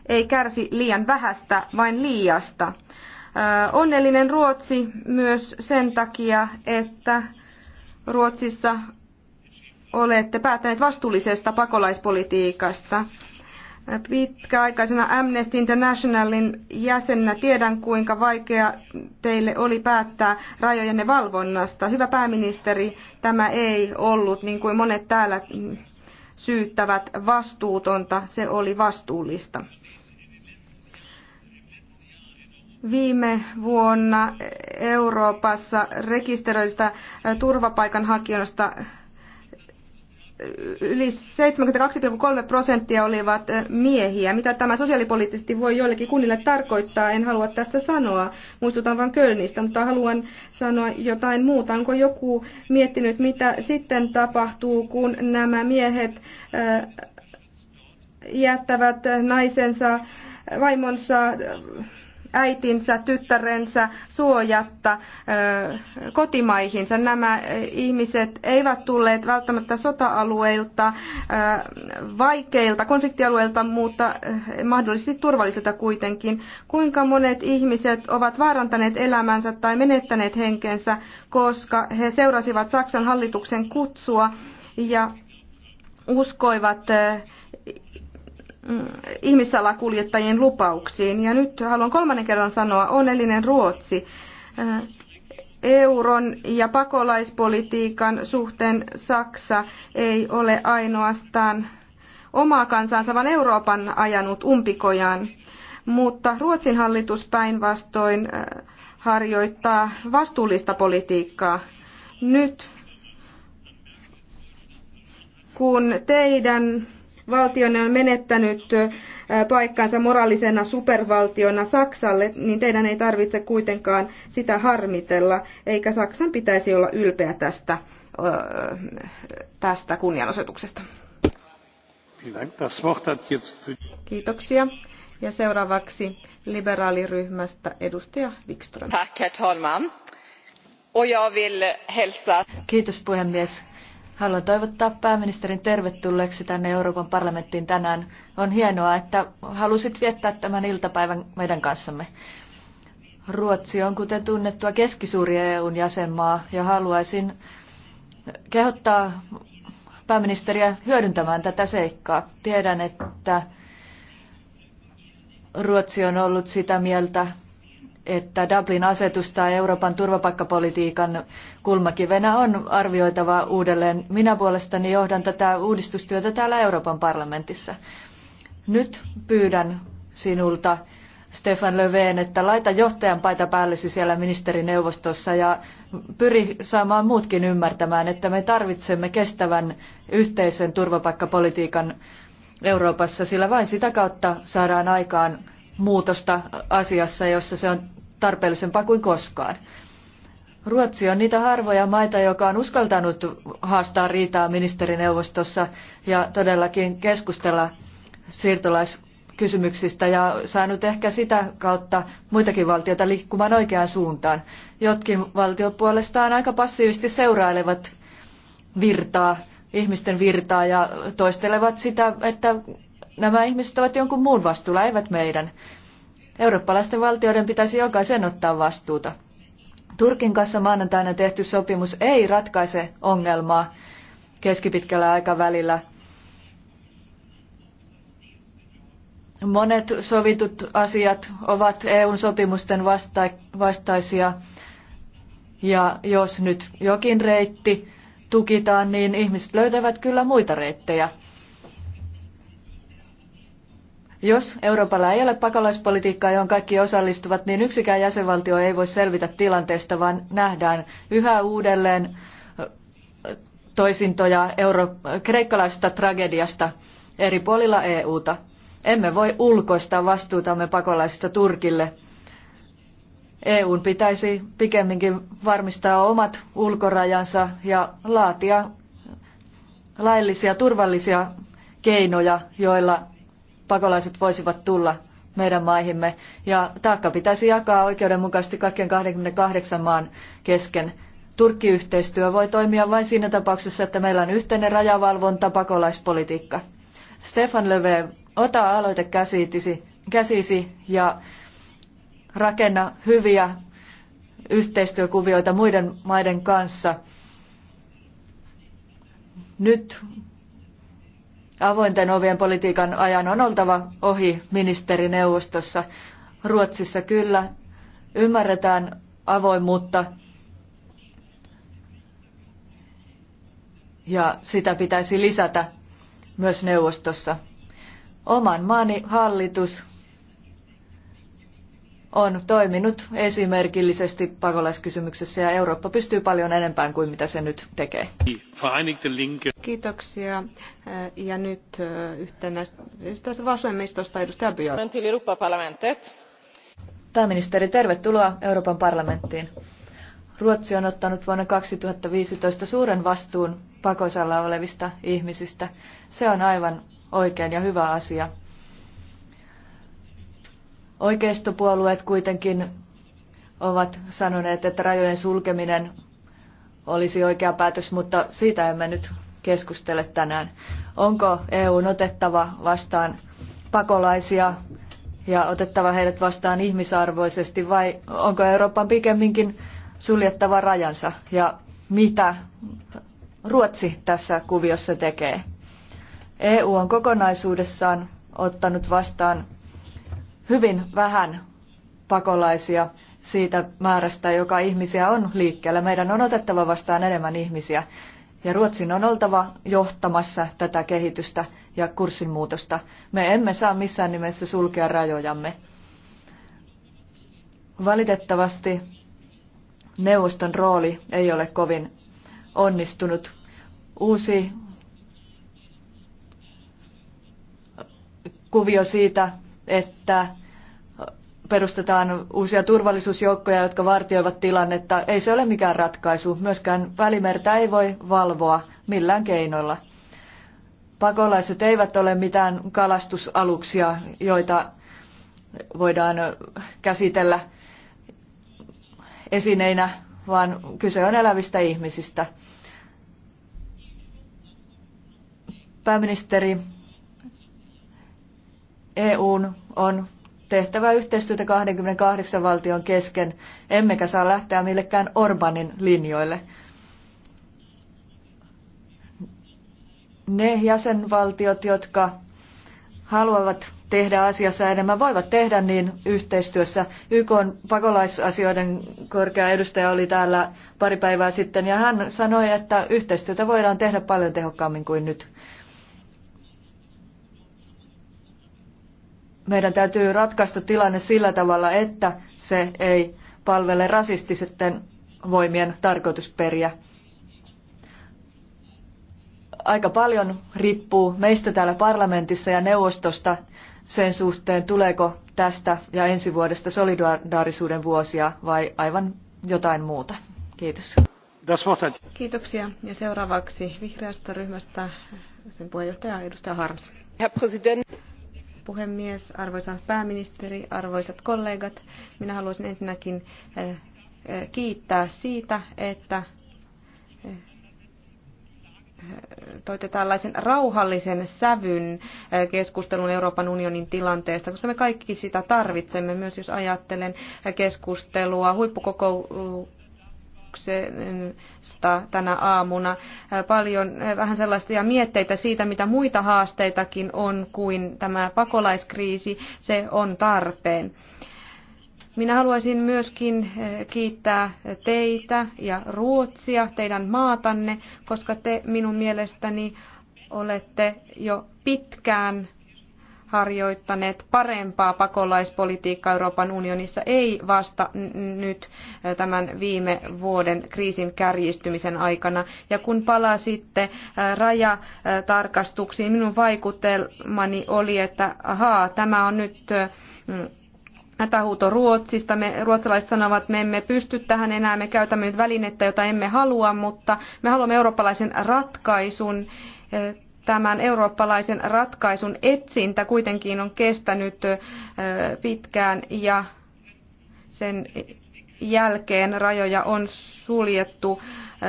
ei kärsi liian vähästä, vain liiasta. Onnellinen Ruotsi myös sen takia, että Ruotsissa olette päättäneet vastuullisesta pakolaispolitiikasta. Pitkäaikaisena Amnesty Internationalin jäsenenä tiedän, kuinka vaikea teille oli päättää rajojenne valvonnasta. Hyvä pääministeri, tämä ei ollut, niin kuin monet täällä syyttävät, vastuutonta. Se oli vastuullista. Viime vuonna Euroopassa rekisteröidystä turvapaikanhakijoista yli 72,3 prosenttia olivat miehiä. Mitä tämä sosiaalipoliittisesti voi joillekin kunnille tarkoittaa, en halua tässä sanoa. Muistutan vain Kölnistä, mutta haluan sanoa jotain muuta. Onko joku miettinyt, mitä sitten tapahtuu, kun nämä miehet äh, jättävät naisensa, vaimonsa, äitinsä, tyttärensä suojatta kotimaihinsa. Nämä ihmiset eivät tulleet välttämättä sota-alueilta, vaikeilta konfliktialueilta, mutta mahdollisesti turvallisilta kuitenkin. Kuinka monet ihmiset ovat vaarantaneet elämänsä tai menettäneet henkensä, koska he seurasivat Saksan hallituksen kutsua ja uskoivat Mm, ihmissalakuljettajien lupauksiin. Ja nyt haluan kolmannen kerran sanoa onnellinen Ruotsi. Äh, euron ja pakolaispolitiikan suhteen Saksa ei ole ainoastaan omaa kansansa, vaan Euroopan ajanut umpikojaan. Mutta Ruotsin hallitus päinvastoin äh, harjoittaa vastuullista politiikkaa. Nyt kun teidän valtiona on menettänyt paikkaansa moraalisena supervaltiona Saksalle, niin teidän ei tarvitse kuitenkaan sitä harmitella, eikä Saksan pitäisi olla ylpeä tästä, tästä kunnianosoituksesta. Kiitoksia. Ja seuraavaksi liberaaliryhmästä edustaja Wikström. Tack, herr talman. Och jag vill hälsa... Kiitos puhemies Haluan toivottaa pääministerin tervetulleeksi tänne Euroopan parlamenttiin tänään. On hienoa, että halusit viettää tämän iltapäivän meidän kanssamme. Ruotsi on kuten tunnettua keskisuuri EUn jäsenmaa ja haluaisin kehottaa pääministeriä hyödyntämään tätä seikkaa. Tiedän, että Ruotsi on ollut sitä mieltä, että Dublin-asetusta Euroopan turvapaikkapolitiikan kulmakivenä on arvioitava uudelleen. Minä puolestani johdan tätä uudistustyötä täällä Euroopan parlamentissa. Nyt pyydän sinulta, Stefan Löfven, että laita johtajan paita päällesi siellä ministerineuvostossa ja pyri saamaan muutkin ymmärtämään, että me tarvitsemme kestävän yhteisen turvapaikkapolitiikan Euroopassa, sillä vain sitä kautta saadaan aikaan muutosta asiassa, jossa se on tarpeellisempaa kuin koskaan. Ruotsi on niitä harvoja maita, joka on uskaltanut haastaa riitaa ministerineuvostossa ja todellakin keskustella siirtolaiskysymyksistä ja saanut ehkä sitä kautta muitakin valtioita liikkumaan oikeaan suuntaan. Jotkin valtiot puolestaan aika passiivisesti seurailevat virtaa, ihmisten virtaa ja toistelevat sitä, että nämä ihmiset ovat jonkun muun vastuulla, eivät meidän. Eurooppalaisten valtioiden pitäisi jokaisen ottaa vastuuta. Turkin kanssa maanantaina tehty sopimus ei ratkaise ongelmaa keskipitkällä aikavälillä. Monet sovitut asiat ovat eu sopimusten vasta- vastaisia. Ja jos nyt jokin reitti tukitaan, niin ihmiset löytävät kyllä muita reittejä. Jos Euroopalla ei ole pakolaispolitiikkaa, johon kaikki osallistuvat, niin yksikään jäsenvaltio ei voi selvitä tilanteesta, vaan nähdään yhä uudelleen toisintoja euro- kreikkalaisesta tragediasta eri puolilla EUta. Emme voi ulkoistaa vastuutamme pakolaisista Turkille. EUn pitäisi pikemminkin varmistaa omat ulkorajansa ja laatia laillisia, turvallisia keinoja, joilla pakolaiset voisivat tulla meidän maihimme. Ja taakka pitäisi jakaa oikeudenmukaisesti kaikkien 28 maan kesken. Turkki-yhteistyö voi toimia vain siinä tapauksessa, että meillä on yhteinen rajavalvonta pakolaispolitiikka. Stefan Löve, ota aloite käsitisi, käsisi ja rakenna hyviä yhteistyökuvioita muiden maiden kanssa. Nyt Avointen ovien politiikan ajan on oltava ohi ministerineuvostossa. Ruotsissa kyllä ymmärretään avoimuutta ja sitä pitäisi lisätä myös neuvostossa. Oman maani hallitus on toiminut esimerkillisesti pakolaiskysymyksessä ja Eurooppa pystyy paljon enempään kuin mitä se nyt tekee. Kiitoksia. Äh, ja nyt äh, yhtenä vasemmistosta edustaja Björk. Pääministeri, tervetuloa Euroopan parlamenttiin. Ruotsi on ottanut vuonna 2015 suuren vastuun pakosalla olevista ihmisistä. Se on aivan oikein ja hyvä asia. Oikeistopuolueet kuitenkin ovat sanoneet, että rajojen sulkeminen olisi oikea päätös, mutta siitä emme nyt keskustele tänään. Onko EU otettava vastaan pakolaisia ja otettava heidät vastaan ihmisarvoisesti vai onko Euroopan pikemminkin suljettava rajansa ja mitä Ruotsi tässä kuviossa tekee? EU on kokonaisuudessaan ottanut vastaan hyvin vähän pakolaisia siitä määrästä, joka ihmisiä on liikkeellä. Meidän on otettava vastaan enemmän ihmisiä. Ja Ruotsin on oltava johtamassa tätä kehitystä ja kurssin muutosta. Me emme saa missään nimessä sulkea rajojamme. Valitettavasti neuvoston rooli ei ole kovin onnistunut. Uusi kuvio siitä, että perustetaan uusia turvallisuusjoukkoja, jotka vartioivat tilannetta, ei se ole mikään ratkaisu. Myöskään välimertä ei voi valvoa millään keinoilla. Pakolaiset eivät ole mitään kalastusaluksia, joita voidaan käsitellä esineinä, vaan kyse on elävistä ihmisistä. Pääministeri EUn on tehtävä yhteistyötä 28 valtion kesken, emmekä saa lähteä millekään Orbanin linjoille. Ne jäsenvaltiot, jotka haluavat tehdä asiassa enemmän, voivat tehdä niin yhteistyössä. YK pakolaisasioiden korkea edustaja oli täällä pari päivää sitten ja hän sanoi, että yhteistyötä voidaan tehdä paljon tehokkaammin kuin nyt. meidän täytyy ratkaista tilanne sillä tavalla, että se ei palvele rasististen voimien tarkoitusperiä. Aika paljon riippuu meistä täällä parlamentissa ja neuvostosta sen suhteen, tuleeko tästä ja ensi vuodesta solidaarisuuden vuosia vai aivan jotain muuta. Kiitos. Kiitoksia. Ja seuraavaksi vihreästä ryhmästä sen puheenjohtaja edustaja Harms. Herr puhemies, arvoisa pääministeri, arvoisat kollegat. Minä haluaisin ensinnäkin eh, eh, kiittää siitä, että eh, toitte tällaisen rauhallisen sävyn keskustelun Euroopan unionin tilanteesta, koska me kaikki sitä tarvitsemme, myös jos ajattelen keskustelua huippukokouksessa kokouksesta tänä aamuna. Paljon vähän sellaisia mietteitä siitä, mitä muita haasteitakin on kuin tämä pakolaiskriisi. Se on tarpeen. Minä haluaisin myöskin kiittää teitä ja Ruotsia, teidän maatanne, koska te minun mielestäni olette jo pitkään harjoittaneet parempaa pakolaispolitiikkaa Euroopan unionissa ei vasta nyt tämän viime vuoden kriisin kärjistymisen aikana. Ja kun palasitte rajatarkastuksiin, minun vaikutelmani oli, että ahaa, tämä on nyt hätähuuto Ruotsista. Me ruotsalaiset sanovat, että me emme pysty tähän enää, me käytämme nyt välinettä, jota emme halua, mutta me haluamme eurooppalaisen ratkaisun tämän eurooppalaisen ratkaisun etsintä kuitenkin on kestänyt pitkään ja sen jälkeen rajoja on suljettu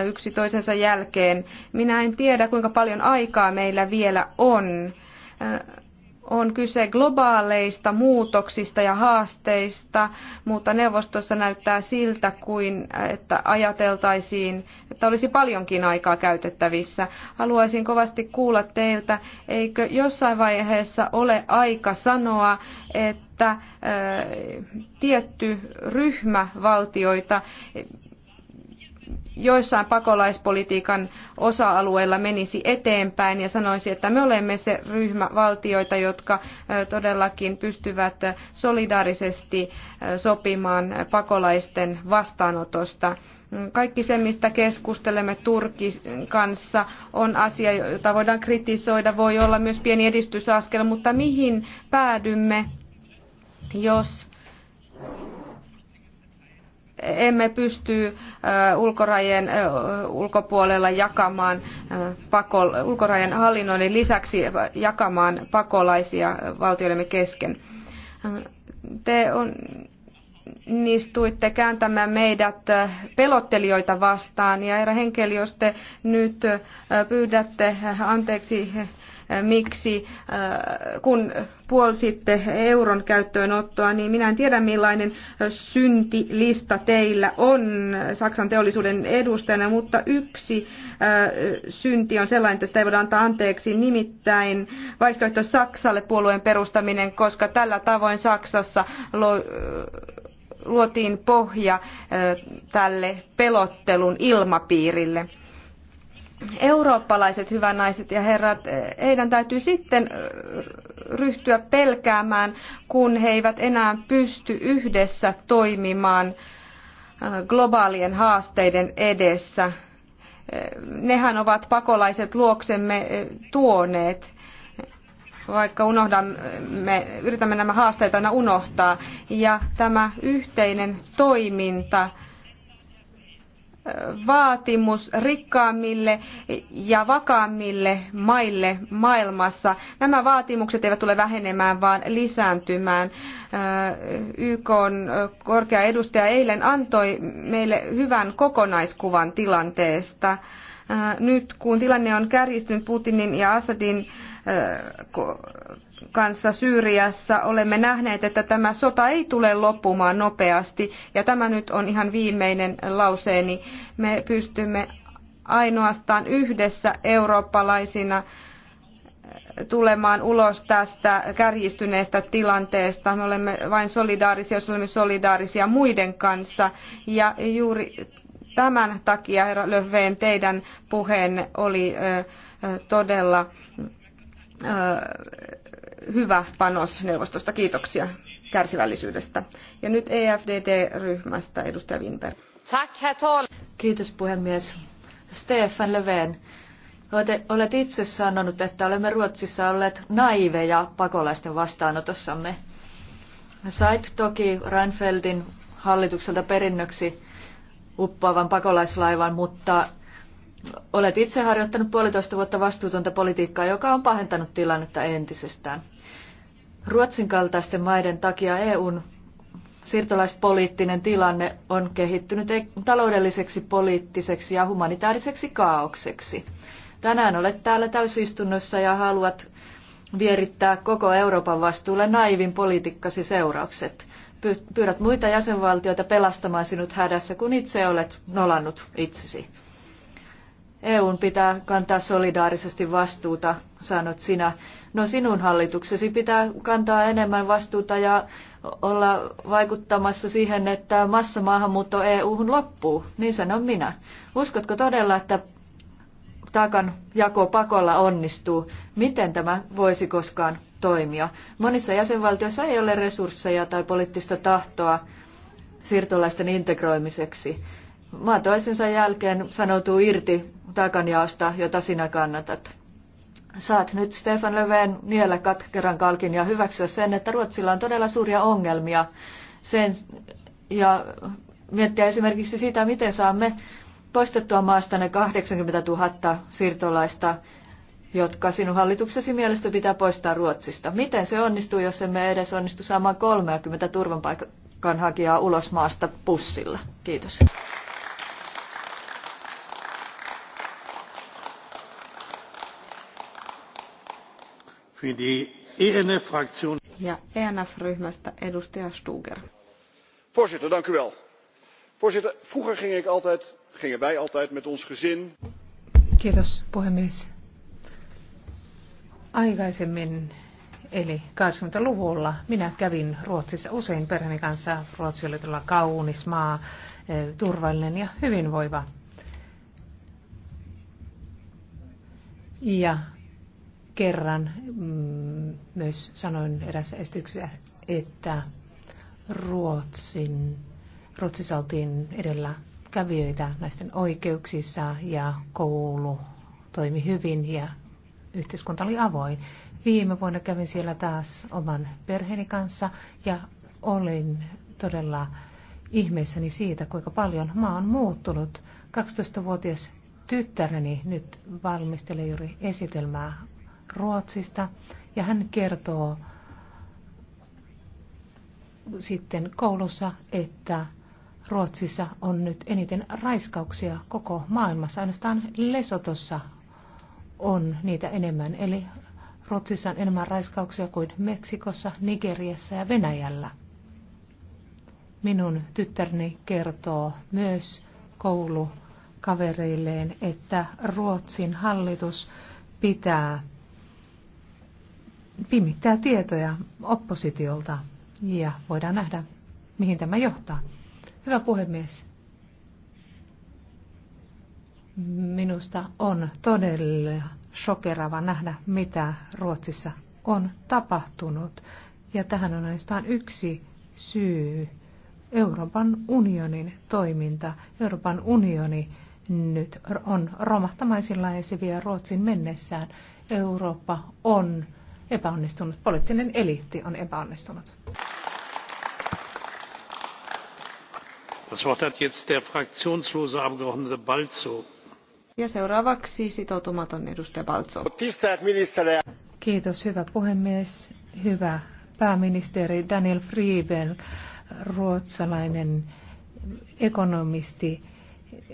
yksi toisensa jälkeen. Minä en tiedä, kuinka paljon aikaa meillä vielä on on kyse globaaleista muutoksista ja haasteista, mutta neuvostossa näyttää siltä kuin, että ajateltaisiin, että olisi paljonkin aikaa käytettävissä. Haluaisin kovasti kuulla teiltä, eikö jossain vaiheessa ole aika sanoa, että tietty ryhmä valtioita joissain pakolaispolitiikan osa-alueilla menisi eteenpäin ja sanoisi, että me olemme se ryhmä valtioita, jotka todellakin pystyvät solidaarisesti sopimaan pakolaisten vastaanotosta. Kaikki se, mistä keskustelemme Turkin kanssa, on asia, jota voidaan kritisoida, voi olla myös pieni edistysaskel, mutta mihin päädymme, jos emme pysty ulkorajojen ulkopuolella jakamaan pakol, ulkorajan hallinnoinnin lisäksi jakamaan pakolaisia valtioidemme kesken. Te onnistuitte kääntämään meidät pelottelijoita vastaan ja herra henkeli, jos te nyt pyydätte anteeksi miksi kun puolsitte euron käyttöönottoa, niin minä en tiedä millainen syntilista teillä on Saksan teollisuuden edustajana, mutta yksi synti on sellainen, että sitä ei voida antaa anteeksi, nimittäin vaihtoehto Saksalle puolueen perustaminen, koska tällä tavoin Saksassa luotiin pohja tälle pelottelun ilmapiirille eurooppalaiset hyvän naiset ja herrat, heidän täytyy sitten ryhtyä pelkäämään, kun he eivät enää pysty yhdessä toimimaan globaalien haasteiden edessä. Nehän ovat pakolaiset luoksemme tuoneet vaikka unohdamme, yritämme nämä haasteet aina unohtaa. Ja tämä yhteinen toiminta vaatimus rikkaammille ja vakaammille maille maailmassa. Nämä vaatimukset eivät tule vähenemään, vaan lisääntymään. YK on korkea edustaja eilen antoi meille hyvän kokonaiskuvan tilanteesta. Nyt kun tilanne on kärjistynyt Putinin ja Assadin kanssa Syyriassa olemme nähneet, että tämä sota ei tule loppumaan nopeasti. Ja tämä nyt on ihan viimeinen lauseeni. Me pystymme ainoastaan yhdessä eurooppalaisina eh, tulemaan ulos tästä kärjistyneestä tilanteesta. Me olemme vain solidaarisia, jos olemme solidaarisia muiden kanssa. Ja juuri tämän takia, herra Löfven, teidän puheenne oli eh, eh, todella hyvä panos neuvostosta. Kiitoksia kärsivällisyydestä. Ja nyt EFDD-ryhmästä edustaja Winberg. Kiitos puhemies. Stefan Löfven, olet itse sanonut, että olemme Ruotsissa olleet naiveja pakolaisten vastaanotossamme. Sait toki Reinfeldin hallitukselta perinnöksi uppoavan pakolaislaivan, mutta olet itse harjoittanut puolitoista vuotta vastuutonta politiikkaa, joka on pahentanut tilannetta entisestään. Ruotsin kaltaisten maiden takia EUn siirtolaispoliittinen tilanne on kehittynyt e- taloudelliseksi, poliittiseksi ja humanitaariseksi kaaukseksi. Tänään olet täällä täysistunnossa ja haluat vierittää koko Euroopan vastuulle naivin politiikkasi seuraukset. Pyydät muita jäsenvaltioita pelastamaan sinut hädässä, kun itse olet nolannut itsesi. EUn pitää kantaa solidaarisesti vastuuta, sanot sinä. No sinun hallituksesi pitää kantaa enemmän vastuuta ja olla vaikuttamassa siihen, että massamaahanmuutto EU-hun loppuu. Niin sanon minä. Uskotko todella, että taakan jako pakolla onnistuu? Miten tämä voisi koskaan toimia? Monissa jäsenvaltioissa ei ole resursseja tai poliittista tahtoa siirtolaisten integroimiseksi maa toisensa jälkeen sanoutuu irti takanjaosta, jota sinä kannatat. Saat nyt Stefan Löfven niellä katkeran kalkin ja hyväksyä sen, että Ruotsilla on todella suuria ongelmia sen, ja miettiä esimerkiksi sitä, miten saamme poistettua maasta ne 80 000 siirtolaista, jotka sinun hallituksesi mielestä pitää poistaa Ruotsista. Miten se onnistuu, jos emme edes onnistu saamaan 30 turvapaikanhakijaa ulos maasta pussilla? Kiitos. enf e fraktion. Ja enf ryhmästä edustaja Stuger. Voorzitter, dank u wel. Voorzitter, vroeger ging ik altijd, gingen wij altijd met ons gezin. Kiitos puhemies. Aikaisemmin eli 80-luvulla minä kävin Ruotsissa usein perheeni kanssa. Ruotsi oli todella kaunis maa, eh, turvallinen ja hyvinvoiva. Ja kerran mm, myös sanoin erässä esityksessä, että Ruotsin, Ruotsissa oltiin edellä kävijöitä naisten oikeuksissa ja koulu toimi hyvin ja yhteiskunta oli avoin. Viime vuonna kävin siellä taas oman perheeni kanssa ja olin todella ihmeessäni siitä, kuinka paljon maa on muuttunut. 12-vuotias tyttäreni nyt valmistelee juuri esitelmää Ruotsista ja hän kertoo sitten koulussa, että Ruotsissa on nyt eniten raiskauksia koko maailmassa. Ainoastaan Lesotossa on niitä enemmän. Eli Ruotsissa on enemmän raiskauksia kuin Meksikossa, Nigeriassa ja Venäjällä. Minun tyttärni kertoo myös koulukavereilleen, että Ruotsin hallitus pitää pimittää tietoja oppositiolta ja voidaan nähdä, mihin tämä johtaa. Hyvä puhemies, minusta on todella shokerava nähdä, mitä Ruotsissa on tapahtunut. Ja tähän on ainoastaan yksi syy, Euroopan unionin toiminta. Euroopan unioni nyt on romahtamaisilla ja se vie Ruotsin mennessään. Eurooppa on epäonnistunut. Poliittinen eliitti on epäonnistunut. Das Wort hat jetzt der fraktionslose Abgeordnete Balzo. Ja seuraavaksi sitoutumaton edustaja Balzo. Kiitos, hyvä puhemies. Hyvä pääministeri Daniel Friebel, ruotsalainen ekonomisti,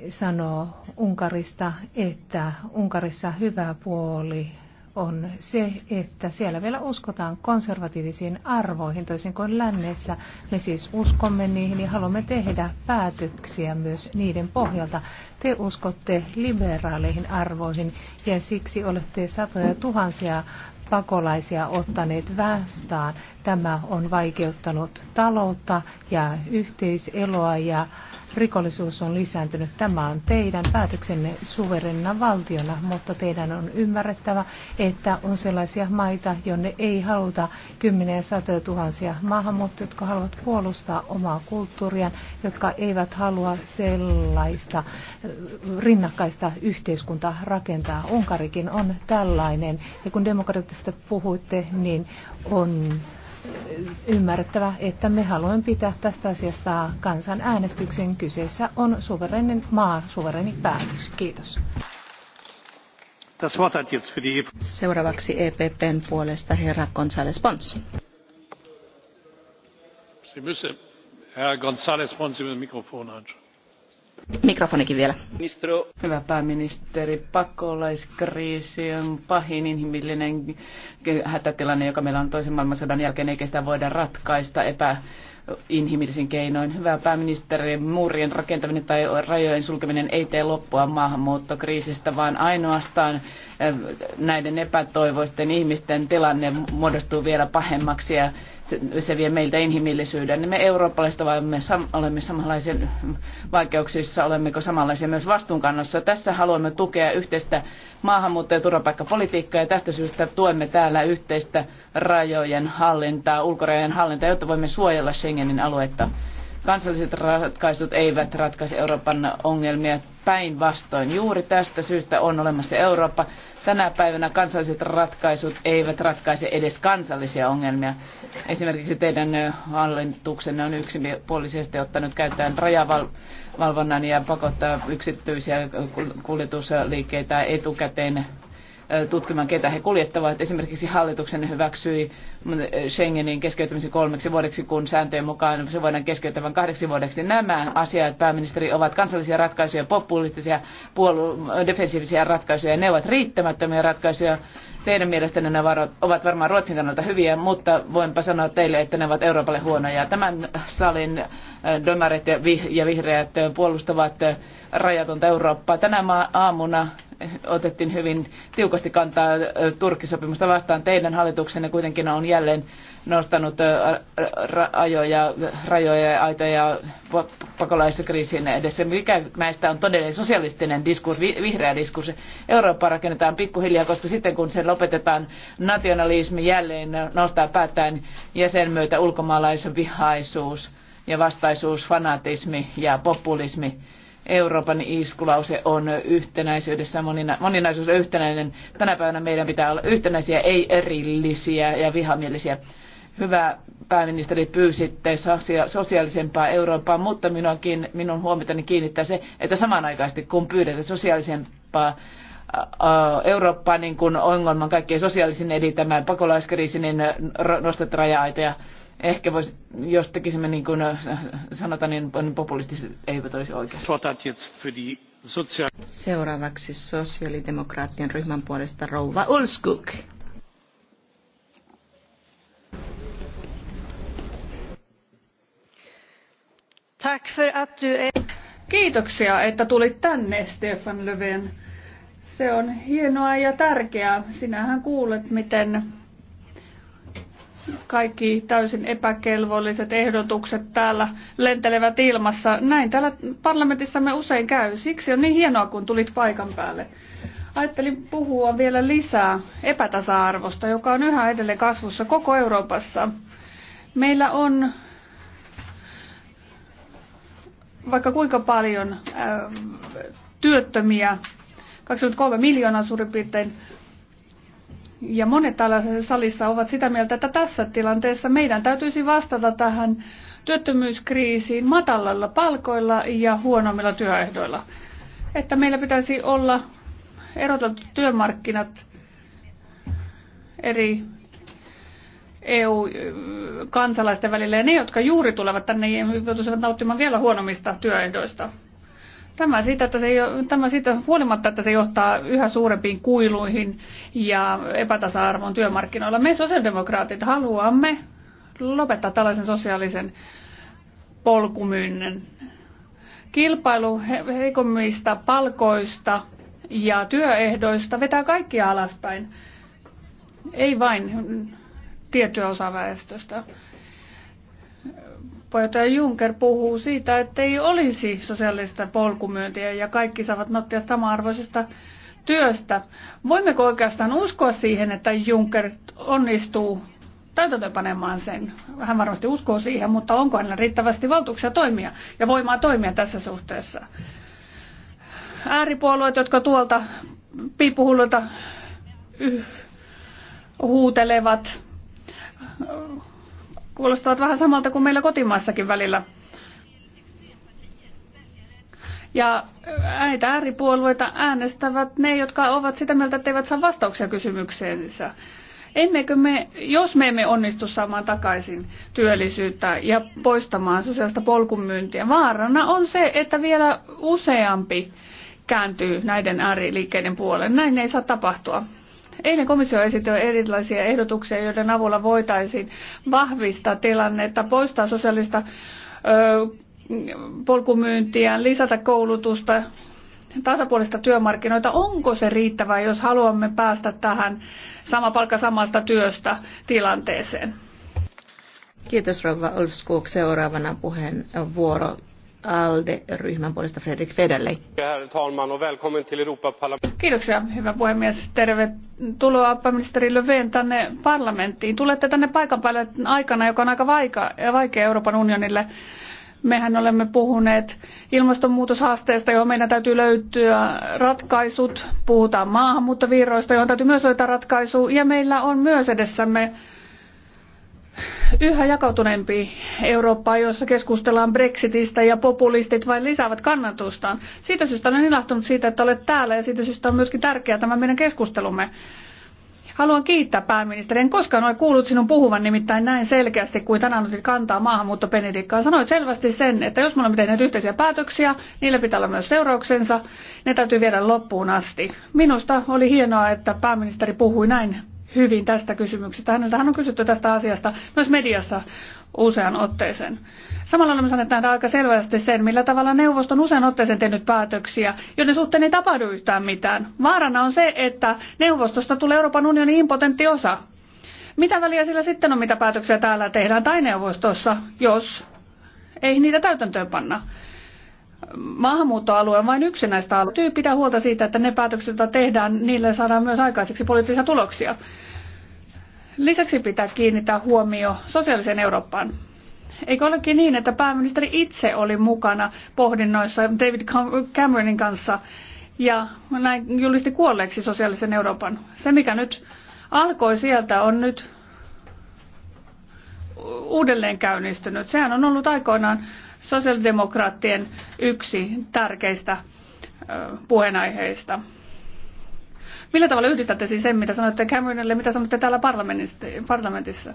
sanoo Unkarista, että Unkarissa hyvä puoli on se, että siellä vielä uskotaan konservatiivisiin arvoihin, toisin kuin lännessä. Me siis uskomme niihin ja haluamme tehdä päätöksiä myös niiden pohjalta. Te uskotte liberaaleihin arvoihin ja siksi olette satoja tuhansia pakolaisia ottaneet vastaan. Tämä on vaikeuttanut taloutta ja yhteiseloa ja rikollisuus on lisääntynyt. Tämä on teidän päätöksenne suverenna valtiona, mutta teidän on ymmärrettävä, että on sellaisia maita, jonne ei haluta kymmeniä satoja tuhansia maahanmuuttajia, jotka haluavat puolustaa omaa kulttuuriaan, jotka eivät halua sellaista rinnakkaista yhteiskuntaa rakentaa. Unkarikin on tällainen. Ja kun demokratiassa Tästä puhuitte, niin on ymmärrettävä, että me haluamme pitää tästä asiasta kansanäänestyksen. Kyseessä on suverenin maa, suvereni päätös. Kiitos. E Seuraavaksi EPPn puolesta herra González Pons. Sie Herr González Pons, über Mikrofon anschauen Mikrofonikin vielä. Ministro. Hyvä pääministeri, pakolaiskriisi on pahin inhimillinen hätätilanne, joka meillä on toisen maailmansodan jälkeen, eikä sitä voida ratkaista epä inhimillisin keinoin. Hyvä pääministeri, muurien rakentaminen tai rajojen sulkeminen ei tee loppua maahanmuuttokriisistä, vaan ainoastaan eh, näiden epätoivoisten ihmisten tilanne muodostuu vielä pahemmaksi ja se vie meiltä inhimillisyyden, niin me eurooppalaiset olemme, sam- olemme samanlaisia vaikeuksissa, olemmeko samanlaisia myös vastuunkannossa. Tässä haluamme tukea yhteistä maahanmuutto- ja turvapaikkapolitiikkaa ja tästä syystä tuemme täällä yhteistä rajojen hallintaa, ulkorajojen hallintaa, jotta voimme suojella Schengenin aluetta kansalliset ratkaisut eivät ratkaise Euroopan ongelmia. Päinvastoin juuri tästä syystä on olemassa Eurooppa. Tänä päivänä kansalliset ratkaisut eivät ratkaise edes kansallisia ongelmia. Esimerkiksi teidän hallituksenne on yksipuolisesti ottanut käyttöön rajavalvonnan ja pakottaa yksityisiä kuljetusliikkeitä etukäteen tutkimaan, ketä he kuljettavat. Esimerkiksi hallituksen hyväksyi mm, Schengenin keskeytymisen kolmeksi vuodeksi, kun sääntöjen mukaan se voidaan keskeyttää vain kahdeksi vuodeksi. Nämä asiat, pääministeri, ovat kansallisia ratkaisuja, populistisia, puolu- ratkaisuja. Ne ovat riittämättömiä ratkaisuja Teidän mielestänne nämä varot ovat varmaan Ruotsin kannalta hyviä, mutta voinpa sanoa teille, että ne ovat Euroopalle huonoja. Tämän salin äh, domaret ja vihreät äh, puolustavat äh, rajatonta Eurooppaa. Tänä aamuna otettiin hyvin tiukasti kantaa Turkkisopimusta vastaan. Teidän hallituksenne kuitenkin on jälleen nostanut rajoja, rajoja ja aitoja pakolaiskriisin edessä. Mikä näistä on todellinen sosialistinen diskurs, vihreä diskurs? Eurooppa rakennetaan pikkuhiljaa, koska sitten kun se lopetetaan nationalismi jälleen nostaa päätään ja sen myötä ulkomaalaisen vihaisuus ja vastaisuus, fanatismi ja populismi. Euroopan iskulause on yhtenäisyydessä, monina, moninaisuus on yhtenäinen. Tänä päivänä meidän pitää olla yhtenäisiä, ei erillisiä ja vihamielisiä. Hyvä pääministeri, pyysitte sosiaalisempaa Eurooppaa, mutta minunkin, minun huomiotani kiinnittää se, että samanaikaisesti kun pyydätte sosiaalisempaa Eurooppaa niin kuin ongelman kaikkein sosiaalisin, eli tämän pakolaiskriisin, niin nostat raja-aitoja. Ehkä vois, jos tekisimme niin kuin sanotaan, niin, niin populistisesti ei olisi oikein. Seuraavaksi sosiaalidemokraattien ryhmän puolesta rouva Ulskuk. Tack för att du är... Kiitoksia, että tulit tänne, Stefan Löfven. Se on hienoa ja tärkeää. Sinähän kuulet, miten kaikki täysin epäkelvolliset ehdotukset täällä lentelevät ilmassa. Näin täällä me usein käy. Siksi on niin hienoa, kun tulit paikan päälle. Ajattelin puhua vielä lisää epätasa-arvosta, joka on yhä edelleen kasvussa koko Euroopassa. Meillä on vaikka kuinka paljon työttömiä 23 miljoonaa suurin piirtein. Ja monet täällä salissa ovat sitä mieltä, että tässä tilanteessa meidän täytyisi vastata tähän työttömyyskriisiin matalalla palkoilla ja huonommilla työehdoilla. Että meillä pitäisi olla erotettu työmarkkinat eri EU-kansalaisten välillä ja ne, jotka juuri tulevat tänne, joutuisivat nauttimaan vielä huonommista työehdoista. Tämä siitä, että se, tämä siitä huolimatta, että se johtaa yhä suurempiin kuiluihin ja epätasa-arvoon työmarkkinoilla. Me sosiaalidemokraatit haluamme lopettaa tällaisen sosiaalisen polkumyynnen. Kilpailu heikommista palkoista ja työehdoista vetää kaikkia alaspäin, ei vain tiettyä osa väestöstä puheenjohtaja Juncker puhuu siitä, että ei olisi sosiaalista polkumyöntiä ja kaikki saavat nauttia sama-arvoisesta työstä. Voimmeko oikeastaan uskoa siihen, että Juncker onnistuu täytäntöönpanemaan sen? Hän varmasti uskoo siihen, mutta onko hänellä riittävästi valtuuksia toimia ja voimaa toimia tässä suhteessa? Ääripuolueet, jotka tuolta piipuhulluilta huutelevat, kuulostavat vähän samalta kuin meillä kotimaassakin välillä. Ja näitä ääripuolueita äänestävät ne, jotka ovat sitä mieltä, että eivät saa vastauksia kysymykseensä. Emmekö me, jos me emme onnistu saamaan takaisin työllisyyttä ja poistamaan sosiaalista polkumyyntiä, vaarana on se, että vielä useampi kääntyy näiden ääriliikkeiden puoleen. Näin ei saa tapahtua. Eilen komissio esitti erilaisia ehdotuksia, joiden avulla voitaisiin vahvistaa tilannetta, poistaa sosiaalista polkumyyntiä, lisätä koulutusta, tasapuolista työmarkkinoita. Onko se riittävää, jos haluamme päästä tähän sama palkka samasta työstä tilanteeseen? Kiitos Rova Olfskog. Seuraavana puheen vuoro ALDE-ryhmän puolesta Fredrik Federley. Kiitoksia, hyvä puhemies. Tervetuloa pääministeri Löfven tänne parlamenttiin. Tulette tänne paikan päälle aikana, joka on aika vaikea Euroopan unionille. Mehän olemme puhuneet ilmastonmuutoshaasteesta, johon meidän täytyy löytyä ratkaisut. Puhutaan maahanmuuttovirroista, johon täytyy myös löytää ratkaisu. Ja meillä on myös edessämme yhä jakautuneempi Eurooppa, jossa keskustellaan Brexitistä ja populistit vain lisäävät kannatustaan. Siitä syystä olen ilahtunut siitä, että olet täällä ja siitä syystä on myöskin tärkeää tämä meidän keskustelumme. Haluan kiittää pääministeriä. En koskaan ole kuullut sinun puhuvan nimittäin näin selkeästi, kuin tänään otit kantaa maahanmuuttopenedikkaan. Sanoit selvästi sen, että jos me olemme tehneet yhteisiä päätöksiä, niillä pitää olla myös seurauksensa. Ne täytyy viedä loppuun asti. Minusta oli hienoa, että pääministeri puhui näin hyvin tästä kysymyksestä. Häneltähän on kysytty tästä asiasta myös mediassa usean otteeseen. Samalla olemme saaneet nähdä aika selvästi sen, millä tavalla neuvoston usean otteeseen tehnyt päätöksiä, joiden suhteen ei tapahdu yhtään mitään. Vaarana on se, että neuvostosta tulee Euroopan unionin impotentti osa. Mitä väliä sillä sitten on, mitä päätöksiä täällä tehdään tai neuvostossa, jos ei niitä täytäntöön panna? maahanmuuttoalue on vain yksi näistä alueista. Täytyy pitää huolta siitä, että ne päätökset, joita tehdään, niille saadaan myös aikaiseksi poliittisia tuloksia. Lisäksi pitää kiinnittää huomio sosiaaliseen Eurooppaan. Eikö olekin niin, että pääministeri itse oli mukana pohdinnoissa David Cameronin kanssa ja näin julisti kuolleeksi sosiaalisen Euroopan. Se, mikä nyt alkoi sieltä, on nyt uudelleen käynnistynyt. Sehän on ollut aikoinaan sosiaalidemokraattien yksi tärkeistä puheenaiheista. Millä tavalla yhdistätte siis sen, mitä sanoitte Cameronille, mitä sanoitte täällä parlamentissa?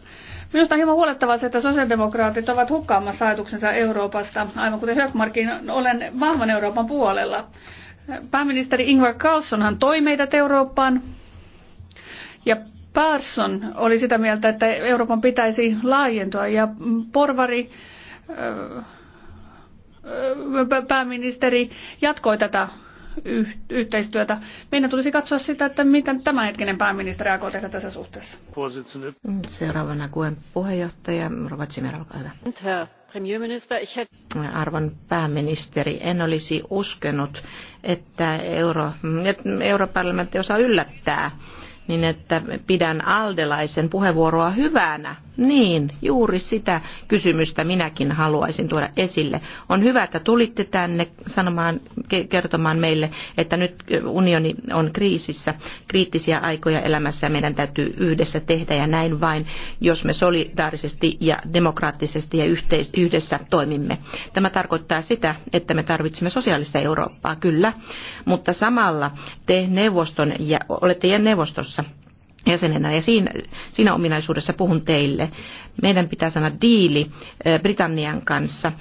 Minusta on hieman huolettavaa se, että sosiaalidemokraatit ovat hukkaamassa ajatuksensa Euroopasta, aivan kuten Hökmarkin olen vahvan Euroopan puolella. Pääministeri Ingvar Carlsonhan toi meidät Eurooppaan, ja Persson oli sitä mieltä, että Euroopan pitäisi laajentua, ja porvari pääministeri jatkoi tätä yhteistyötä. Meidän tulisi katsoa sitä, että miten tämänhetkinen pääministeri aikoo tehdä tässä suhteessa. Seuraavana kuen puheenjohtaja Robert Zimmer, olkaa hyvä. Arvon pääministeri, en olisi uskonut, että Euro, europarlamentti osaa yllättää niin että pidän Aldelaisen puheenvuoroa hyvänä. Niin, juuri sitä kysymystä minäkin haluaisin tuoda esille. On hyvä, että tulitte tänne sanomaan, kertomaan meille, että nyt unioni on kriisissä, kriittisiä aikoja elämässä ja meidän täytyy yhdessä tehdä ja näin vain, jos me solidaarisesti ja demokraattisesti ja yhteis- yhdessä toimimme. Tämä tarkoittaa sitä, että me tarvitsemme sosiaalista Eurooppaa, kyllä, mutta samalla te neuvoston ja olette ja neuvostossa jäsenenä ja siinä, siinä ominaisuudessa puhun teille. Meidän pitää sanoa diili Britannian kanssa,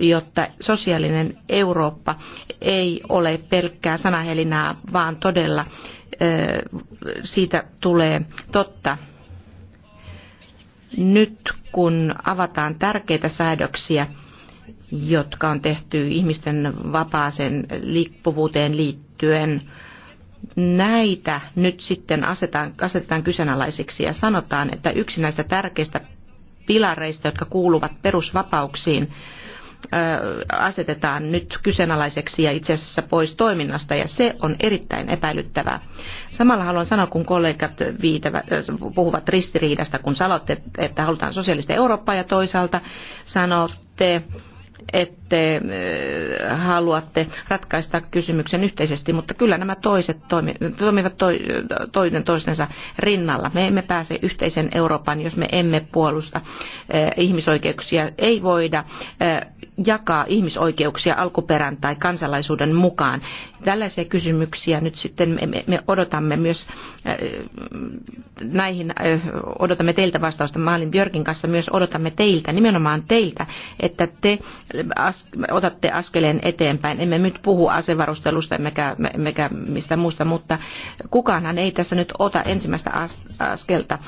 jotta sosiaalinen Eurooppa ei ole pelkkää sanahelinää, vaan todella siitä tulee totta. Nyt kun avataan tärkeitä säädöksiä, jotka on tehty ihmisten vapaaseen liikkuvuuteen liittyen, näitä nyt sitten asetetaan, asetetaan kyseenalaisiksi ja sanotaan, että yksi näistä tärkeistä pilareista, jotka kuuluvat perusvapauksiin, asetetaan nyt kyseenalaiseksi ja itse asiassa pois toiminnasta, ja se on erittäin epäilyttävää. Samalla haluan sanoa, kun kollegat viitävät, puhuvat ristiriidasta, kun sanotte, että halutaan sosiaalista Eurooppaa ja toisaalta sanotte, että haluatte ratkaista kysymyksen yhteisesti, mutta kyllä nämä toiset toimivat toinen toistensa rinnalla. Me emme pääse yhteisen Euroopan, jos me emme puolusta ihmisoikeuksia. Ei voida jakaa ihmisoikeuksia alkuperän tai kansalaisuuden mukaan. Tällaisia kysymyksiä nyt sitten me, odotamme myös äh, näihin, äh, odotamme teiltä vastausta. Maalin Björkin kanssa myös odotamme teiltä, nimenomaan teiltä, että te otatte askeleen eteenpäin. Emme nyt puhu asevarustelusta emmekä, emmekä mistä muusta, mutta kukaanhan ei tässä nyt ota ensimmäistä askelta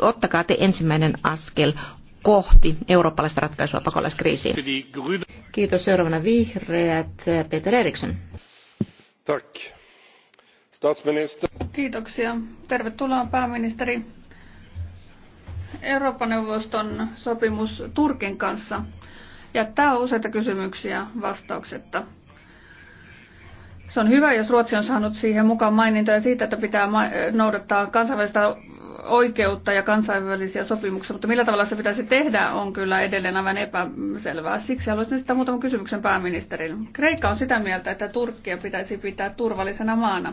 ottakaa te ensimmäinen askel kohti eurooppalaista ratkaisua pakolaiskriisiin. Kiitos. Seuraavana vihreät Peter Eriksson. Tack. Kiitoksia. Tervetuloa pääministeri. Eurooppa-neuvoston sopimus Turkin kanssa jättää useita kysymyksiä vastauksetta. Se on hyvä, jos Ruotsi on saanut siihen mukaan mainintoja siitä, että pitää noudattaa kansainvälistä oikeutta ja kansainvälisiä sopimuksia, mutta millä tavalla se pitäisi tehdä on kyllä edelleen aivan epäselvää. Siksi haluaisin sitä muutaman kysymyksen pääministerille. Kreikka on sitä mieltä, että Turkkia pitäisi pitää turvallisena maana,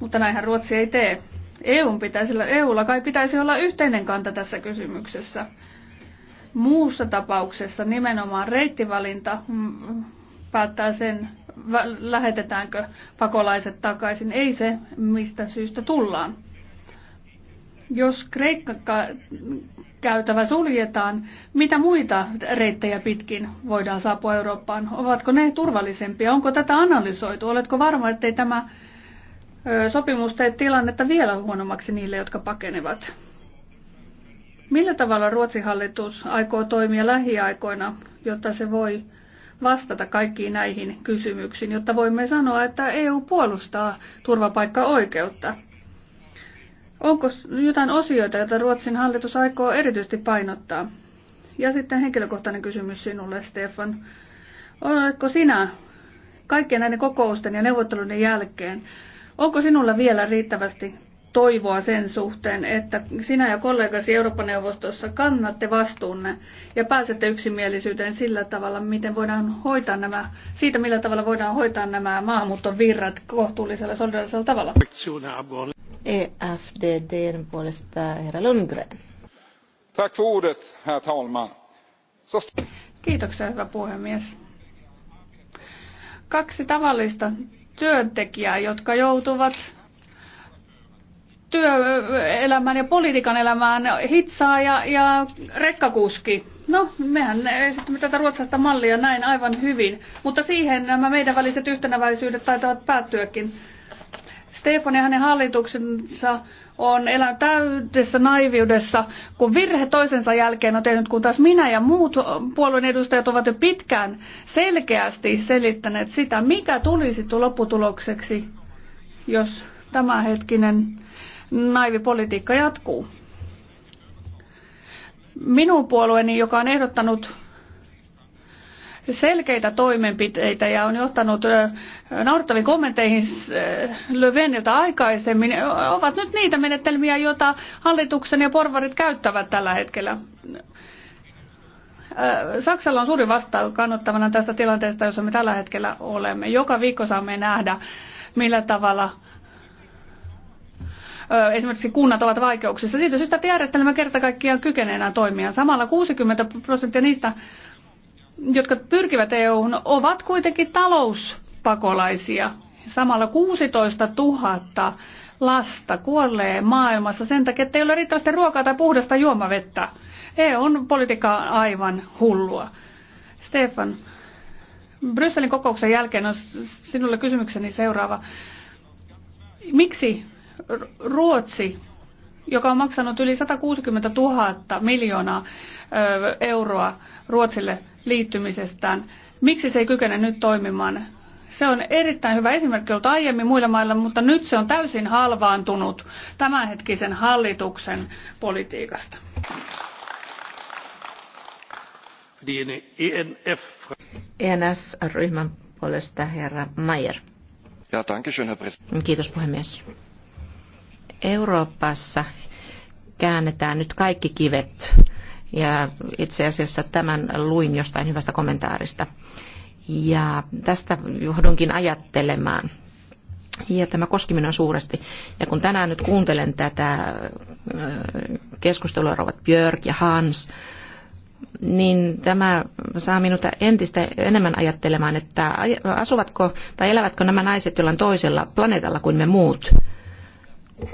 mutta näinhän Ruotsi ei tee. EUn pitäisi, EUlla kai pitäisi olla yhteinen kanta tässä kysymyksessä. Muussa tapauksessa nimenomaan reittivalinta mm, päättää sen, lähetetäänkö pakolaiset takaisin, ei se, mistä syystä tullaan. Jos Kreikka käytävä suljetaan, mitä muita reittejä pitkin voidaan saapua Eurooppaan? Ovatko ne turvallisempia? Onko tätä analysoitu? Oletko varma, ettei tämä sopimus tee tilannetta vielä huonommaksi niille, jotka pakenevat? Millä tavalla Ruotsin hallitus aikoo toimia lähiaikoina, jotta se voi vastata kaikkiin näihin kysymyksiin, jotta voimme sanoa, että EU puolustaa turvapaikkaoikeutta. Onko jotain osioita, joita Ruotsin hallitus aikoo erityisesti painottaa? Ja sitten henkilökohtainen kysymys sinulle, Stefan. Oletko sinä kaikkien näiden kokousten ja neuvottelujen jälkeen, onko sinulla vielä riittävästi toivoa sen suhteen, että sinä ja kollegasi Euroopan neuvostossa kannatte vastuunne ja pääsette yksimielisyyteen sillä tavalla, miten voidaan hoitaa nämä, siitä millä tavalla voidaan hoitaa nämä maahanmuuton virrat kohtuullisella solidaarisella tavalla. EFDDn puolesta herra Lundgren. Tack för ordet, herr talman. Kiitoksia, hyvä puhemies. Kaksi tavallista työntekijää, jotka joutuvat työelämään ja politiikan elämään hitsaa ja, ja rekkakuski. No, mehän esitämme tätä ruotsalaista mallia näin aivan hyvin, mutta siihen nämä meidän väliset yhtenäväisyydet taitavat päättyäkin. Stefan ja hänen hallituksensa on elänyt täydessä naiviudessa, kun virhe toisensa jälkeen on tehnyt, kun taas minä ja muut puolueen edustajat ovat jo pitkään selkeästi selittäneet sitä, mikä tulisi lopputulokseksi, jos tämänhetkinen naivipolitiikka jatkuu. Minun puolueeni, joka on ehdottanut selkeitä toimenpiteitä ja on johtanut naurettaviin kommenteihin Löfveniltä aikaisemmin, ovat nyt niitä menetelmiä, joita hallituksen ja porvarit käyttävät tällä hetkellä. Saksalla on suuri vastaan kannattavana tästä tilanteesta, jossa me tällä hetkellä olemme. Joka viikko saamme nähdä, millä tavalla esimerkiksi kunnat ovat vaikeuksissa. Siitä syystä, että järjestelmä kerta kaikkiaan kykenee enää toimia. Samalla 60 prosenttia niistä, jotka pyrkivät EU-hun, ovat kuitenkin talouspakolaisia. Samalla 16 000 lasta kuolee maailmassa sen takia, että ei ole riittävästi ruokaa tai puhdasta juomavettä. EUn politiikka on aivan hullua. Stefan, Brysselin kokouksen jälkeen on sinulle kysymykseni seuraava. Miksi Ruotsi, joka on maksanut yli 160 000 miljoonaa euroa Ruotsille liittymisestään, miksi se ei kykene nyt toimimaan? Se on erittäin hyvä esimerkki ollut aiemmin muilla mailla, mutta nyt se on täysin halvaantunut tämänhetkisen hallituksen politiikasta. ENF-ryhmän puolesta herra Mayer. Ja, danke Herr Kiitos puhemies. Euroopassa käännetään nyt kaikki kivet. Ja itse asiassa tämän luin jostain hyvästä kommentaarista. Ja tästä johdunkin ajattelemaan. Ja tämä koski minua suuresti. Ja kun tänään nyt kuuntelen tätä äh, keskustelua, ovat Björk ja Hans, niin tämä saa minut entistä enemmän ajattelemaan, että asuvatko tai elävätkö nämä naiset jollain toisella planeetalla kuin me muut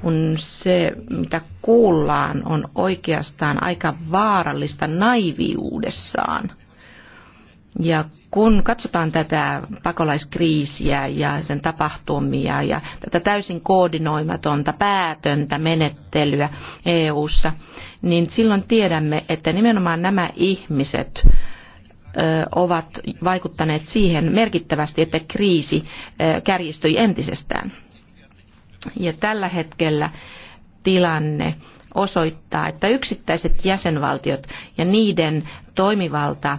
kun se, mitä kuullaan, on oikeastaan aika vaarallista naiviudessaan. Ja kun katsotaan tätä pakolaiskriisiä ja sen tapahtumia ja tätä täysin koordinoimatonta, päätöntä menettelyä EU:ssa, niin silloin tiedämme, että nimenomaan nämä ihmiset ovat vaikuttaneet siihen merkittävästi, että kriisi kärjistyi entisestään ja tällä hetkellä tilanne osoittaa, että yksittäiset jäsenvaltiot ja niiden toimivalta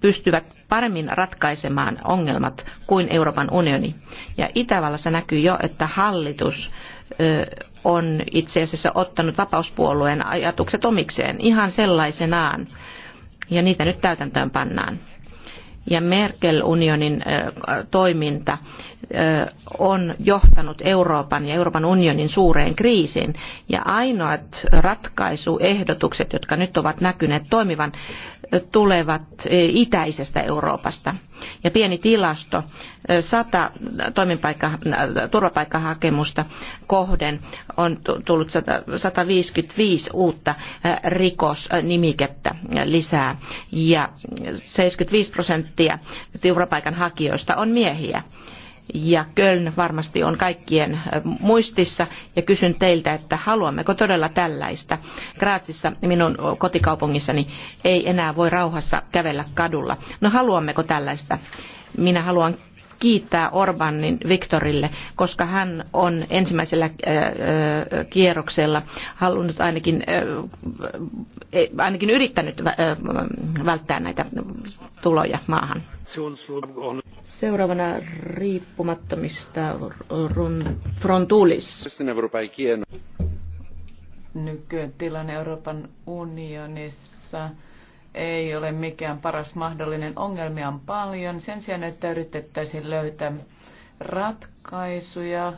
pystyvät paremmin ratkaisemaan ongelmat kuin Euroopan unioni. Ja Itävallassa näkyy jo, että hallitus on itse asiassa ottanut vapauspuolueen ajatukset omikseen ihan sellaisenaan. Ja niitä nyt täytäntöön pannaan. Ja Merkel-unionin toiminta on johtanut Euroopan ja Euroopan unionin suureen kriisiin. Ja ainoat ratkaisuehdotukset, jotka nyt ovat näkyneet toimivan, tulevat itäisestä Euroopasta. Ja pieni tilasto, sata toimipaikka, turvapaikkahakemusta kohden on tullut 155 uutta rikosnimikettä lisää. Ja 75 prosenttia turvapaikanhakijoista on miehiä ja Köln varmasti on kaikkien muistissa ja kysyn teiltä, että haluammeko todella tällaista. Graatsissa, minun kotikaupungissani, ei enää voi rauhassa kävellä kadulla. No haluammeko tällaista? Minä haluan kiittää Orbanin Viktorille, koska hän on ensimmäisellä kierroksella halunnut ainakin, ainakin yrittänyt välttää näitä tuloja maahan. Seuraavana riippumattomista Frontulis. tilanne Euroopan unionissa ei ole mikään paras mahdollinen. Ongelmia on paljon. Sen sijaan, että yritettäisiin löytää ratkaisuja,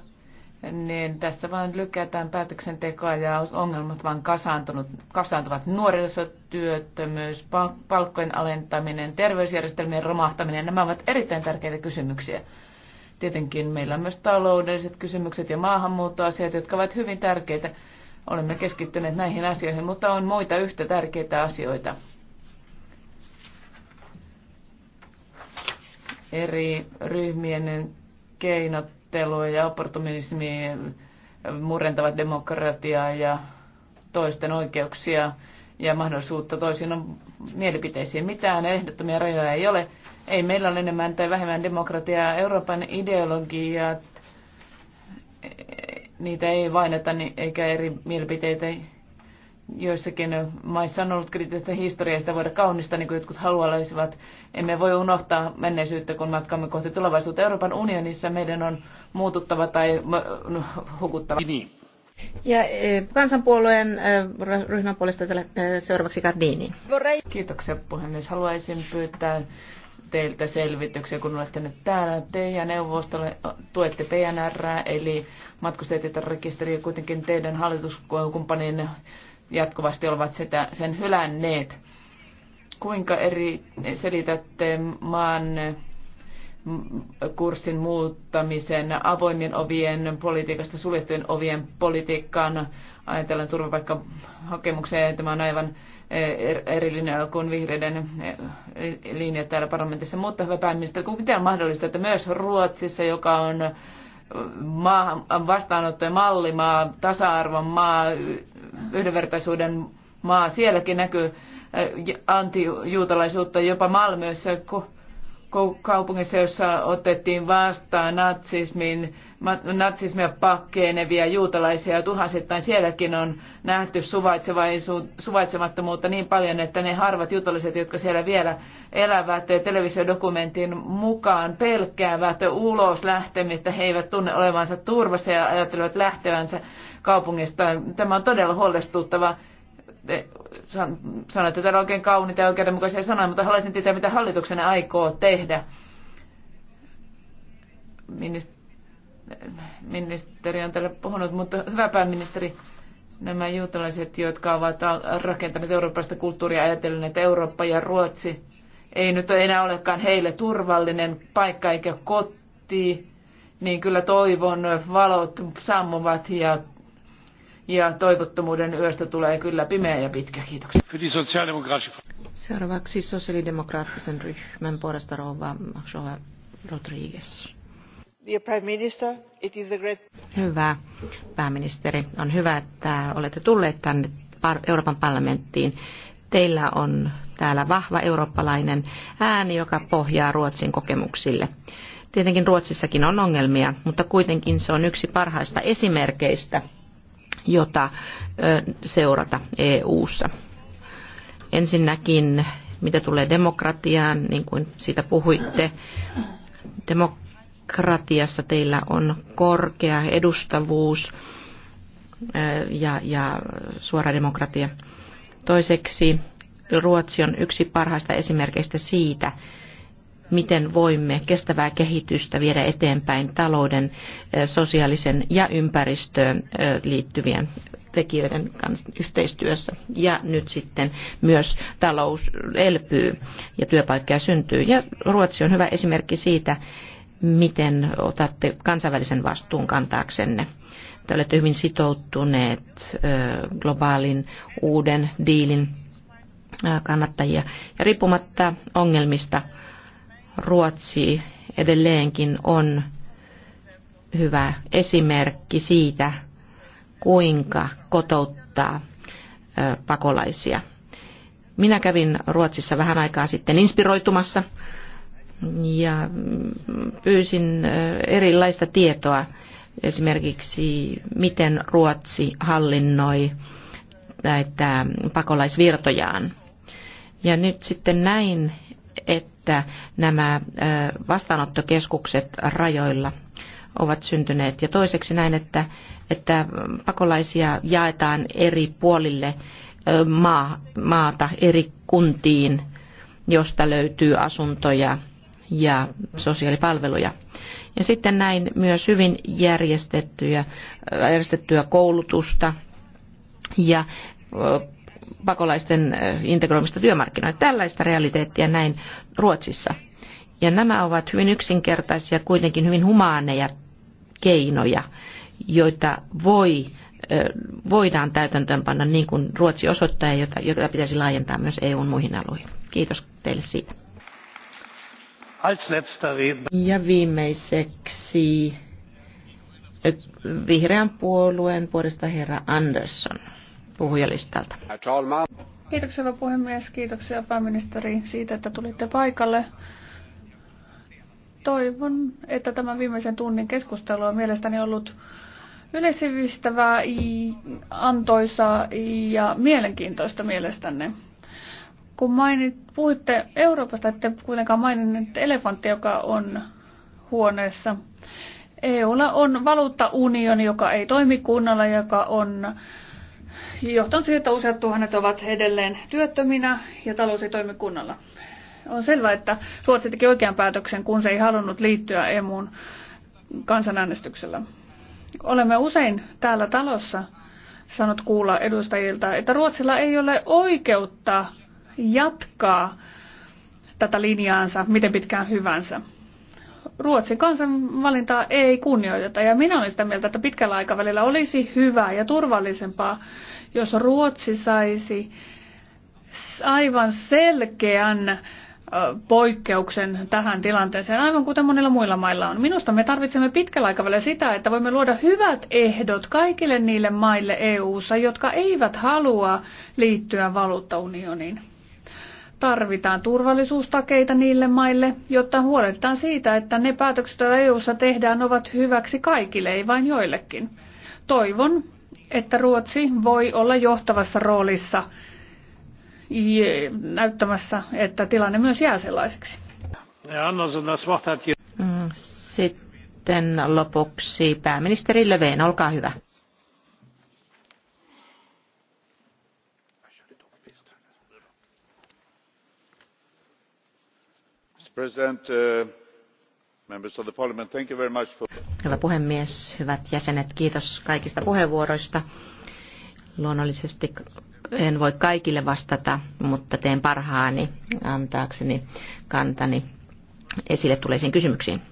niin tässä vain lykätään päätöksentekoa ja ongelmat vaan kasaantunut, kasaantuvat nuorisotyöttömyys, palkkojen alentaminen, terveysjärjestelmien romahtaminen. Nämä ovat erittäin tärkeitä kysymyksiä. Tietenkin meillä on myös taloudelliset kysymykset ja maahanmuuttoasiat, jotka ovat hyvin tärkeitä. Olemme keskittyneet näihin asioihin, mutta on muita yhtä tärkeitä asioita. eri ryhmien keinottelua ja opportunismia murentavat demokratiaa ja toisten oikeuksia ja mahdollisuutta toisiin mielipiteisiin. Mitään ehdottomia rajoja ei ole. Ei meillä ole enemmän tai vähemmän demokratiaa. Euroopan ideologiat, niitä ei vainota eikä eri mielipiteitä joissakin maissa on ollut kriittistä historiaa, sitä voida kaunista, niin kuin jotkut haluaisivat. Emme voi unohtaa menneisyyttä, kun matkamme kohti tulevaisuutta. Euroopan unionissa meidän on muututtava tai hukuttava. Ja e, kansanpuolueen e, ryhmän puolesta e, seuraavaksi Gardiniin. Kiitoksia puhemies. Haluaisin pyytää teiltä selvityksiä, kun olette nyt täällä. Te ja neuvostolle tuette PNR, eli matkustajatietorekisteriä kuitenkin teidän hallituskumppanin jatkuvasti ovat sitä, sen hylänneet. Kuinka eri selitätte maan kurssin muuttamisen avoimien ovien politiikasta suljettujen ovien politiikkaan ajatellen ja Tämä on aivan e, er, eri linjalla kuin vihreiden e, linja täällä parlamentissa. Mutta hyvä pääministeri, miten on mahdollista, että myös Ruotsissa, joka on maahan, vastaanottojen mallimaa, tasa-arvon maa, yhdenvertaisuuden maa. Sielläkin näkyy eh, antijuutalaisuutta jopa Malmössä eh, kaupungissa, jossa otettiin vastaan natsismin natsismia pakkeenevia juutalaisia tuhansittain. Sielläkin on nähty suvaitsemattomuutta niin paljon, että ne harvat juutalaiset, jotka siellä vielä elävät televisiodokumentin mukaan, pelkäävät ulos lähtemistä. He eivät tunne olevansa turvassa ja ajattelevat lähtevänsä kaupungista. Tämä on todella huolestuttava että täällä oikein kauniita ja oikeudenmukaisia sanoja, mutta haluaisin tietää, mitä hallituksenne aikoo tehdä. minist ministeri on täällä puhunut, mutta hyvä pääministeri, nämä juutalaiset, jotka ovat rakentaneet eurooppalaista kulttuuria ajatellen, että Eurooppa ja Ruotsi ei nyt enää olekaan heille turvallinen paikka eikä koti, niin kyllä toivon valot sammuvat ja, ja toivottomuuden yöstä tulee kyllä pimeä ja pitkä. Kiitoksia. Seuraavaksi sosiaalidemokraattisen ryhmän puolesta rouva Rodriguez. Hyvä pääministeri, on hyvä, että olette tulleet tänne Euroopan parlamenttiin. Teillä on täällä vahva eurooppalainen ääni, joka pohjaa Ruotsin kokemuksille. Tietenkin Ruotsissakin on ongelmia, mutta kuitenkin se on yksi parhaista esimerkeistä, jota seurata EU-ssa. Ensinnäkin, mitä tulee demokratiaan, niin kuin siitä puhuitte, demok- Kroatiassa teillä on korkea edustavuus ja, ja suora demokratia. Toiseksi Ruotsi on yksi parhaista esimerkkeistä siitä, miten voimme kestävää kehitystä viedä eteenpäin talouden, sosiaalisen ja ympäristöön liittyvien tekijöiden kanssa yhteistyössä. Ja nyt sitten myös talous elpyy ja työpaikkoja syntyy. Ja Ruotsi on hyvä esimerkki siitä, miten otatte kansainvälisen vastuun kantaaksenne. Te olette hyvin sitoutuneet globaalin uuden diilin kannattajia. Ja riippumatta ongelmista, Ruotsi edelleenkin on hyvä esimerkki siitä, kuinka kotouttaa pakolaisia. Minä kävin Ruotsissa vähän aikaa sitten inspiroitumassa ja mm, pyysin erilaista tietoa esimerkiksi, miten Ruotsi hallinnoi näitä pakolaisvirtojaan. Ja nyt sitten näin, että nämä vastaanottokeskukset rajoilla ovat syntyneet. Ja toiseksi näin, että, että pakolaisia jaetaan eri puolille maa, maata, eri kuntiin, josta löytyy asuntoja, ja sosiaalipalveluja. Ja sitten näin myös hyvin järjestettyä, äh, järjestettyä koulutusta ja äh, pakolaisten äh, integroimista työmarkkinoille. Tällaista realiteettia näin Ruotsissa. Ja nämä ovat hyvin yksinkertaisia, kuitenkin hyvin humaaneja keinoja, joita voi, voidaan täytäntöönpanna niin kuin Ruotsi osoittaa ja jota, jota pitäisi laajentaa myös EUn muihin alueihin. Kiitos teille siitä. Ja viimeiseksi vihreän puolueen puolesta herra Andersson puhujalistalta. Kiitoksia hyvä puhemies, kiitoksia pääministeri siitä, että tulitte paikalle. Toivon, että tämä viimeisen tunnin keskustelu on mielestäni ollut yleisivistävää, antoisaa ja mielenkiintoista mielestänne. Kun mainit, puhuitte Euroopasta, ette kuitenkaan maininnut elefantti, joka on huoneessa. EUlla on valuuttaunioni, joka ei toimi kunnalla, joka on johtanut siihen, että useat tuhannet ovat edelleen työttöminä ja talous ei toimi kunnalla. On selvää, että Ruotsi teki oikean päätöksen, kun se ei halunnut liittyä EMUun kansanäänestyksellä. Olemme usein täällä talossa sanot kuulla edustajilta, että Ruotsilla ei ole oikeutta jatkaa tätä linjaansa miten pitkään hyvänsä. Ruotsin kansanvalintaa ei kunnioiteta ja minä olen sitä mieltä, että pitkällä aikavälillä olisi hyvää ja turvallisempaa, jos Ruotsi saisi aivan selkeän poikkeuksen tähän tilanteeseen, aivan kuten monilla muilla mailla on. Minusta me tarvitsemme pitkällä aikavälillä sitä, että voimme luoda hyvät ehdot kaikille niille maille EU-ssa, jotka eivät halua liittyä valuuttaunioniin. Tarvitaan turvallisuustakeita niille maille, jotta huolehditaan siitä, että ne päätökset, joita EU-ssa tehdään, ovat hyväksi kaikille, ei vain joillekin. Toivon, että Ruotsi voi olla johtavassa roolissa näyttämässä, että tilanne myös jää sellaiseksi. No, mm, sitten lopuksi pääministeri Löfven, olkaa hyvä. Uh, arvoisa puhemies, hyvät jäsenet, kiitos kaikista puheenvuoroista. Luonnollisesti en voi kaikille vastata, mutta teen parhaani antaakseni kantani esille tuleisiin kysymyksiin.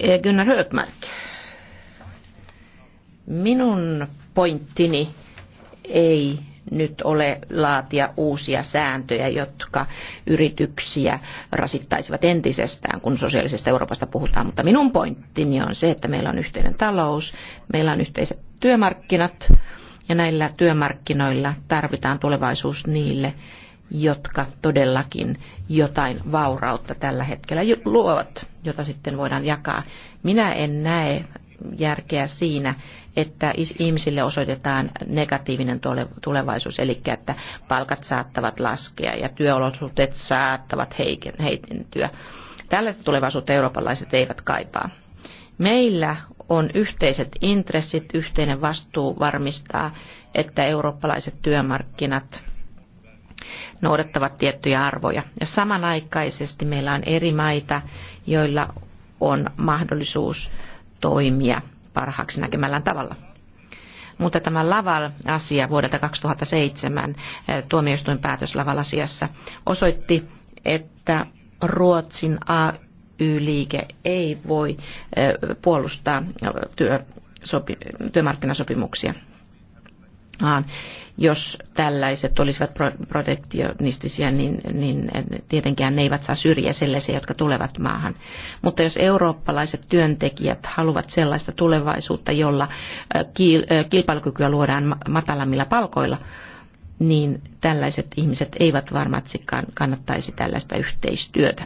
Eh, Gunnar Högmark, minun pointtini ei nyt ole laatia uusia sääntöjä, jotka yrityksiä rasittaisivat entisestään, kun sosiaalisesta Euroopasta puhutaan. Mutta minun pointtini on se, että meillä on yhteinen talous, meillä on yhteiset työmarkkinat ja näillä työmarkkinoilla tarvitaan tulevaisuus niille, jotka todellakin jotain vaurautta tällä hetkellä luovat, jota sitten voidaan jakaa. Minä en näe järkeä siinä, että ihmisille osoitetaan negatiivinen tulevaisuus, eli että palkat saattavat laskea ja työolosuhteet saattavat heikentyä. Tällaista tulevaisuutta eurooppalaiset eivät kaipaa. Meillä on yhteiset intressit, yhteinen vastuu varmistaa, että eurooppalaiset työmarkkinat noudattavat tiettyjä arvoja. Ja samanaikaisesti meillä on eri maita, joilla on mahdollisuus toimia parhaaksi näkemällään tavalla. Mutta tämä Laval-asia vuodelta 2007, eh, tuomioistuinpäätös Laval-asiassa, osoitti, että Ruotsin AY-liike ei voi eh, puolustaa eh, työ, sopi, työmarkkinasopimuksia sellaisenaan. Jos tällaiset olisivat protektionistisia, niin, niin tietenkään ne eivät saa syrjiä sellaisia, jotka tulevat maahan. Mutta jos eurooppalaiset työntekijät haluavat sellaista tulevaisuutta, jolla kilpailukykyä luodaan matalammilla palkoilla, niin tällaiset ihmiset eivät varmastikaan kannattaisi tällaista yhteistyötä.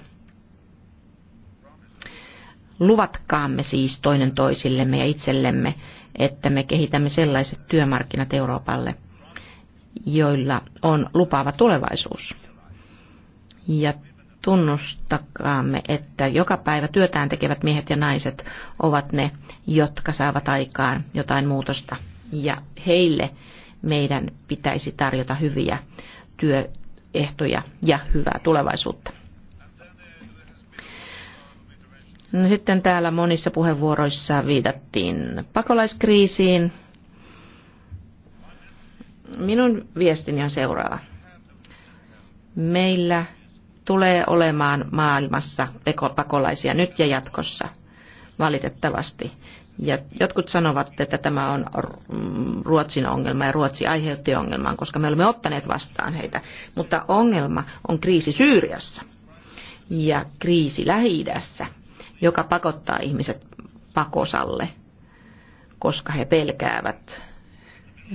Luvatkaamme siis toinen toisillemme ja itsellemme, että me kehitämme sellaiset työmarkkinat Euroopalle, joilla on lupaava tulevaisuus. Ja tunnustakaamme, että joka päivä työtään tekevät miehet ja naiset ovat ne, jotka saavat aikaan jotain muutosta. Ja heille meidän pitäisi tarjota hyviä työehtoja ja hyvää tulevaisuutta. No sitten täällä monissa puheenvuoroissa viitattiin pakolaiskriisiin. Minun viestini on seuraava. Meillä tulee olemaan maailmassa pakolaisia nyt ja jatkossa, valitettavasti. Ja jotkut sanovat, että tämä on Ruotsin ongelma ja Ruotsi aiheutti ongelman, koska me olemme ottaneet vastaan heitä. Mutta ongelma on kriisi Syyriassa ja kriisi Lähi-idässä joka pakottaa ihmiset pakosalle, koska he pelkäävät,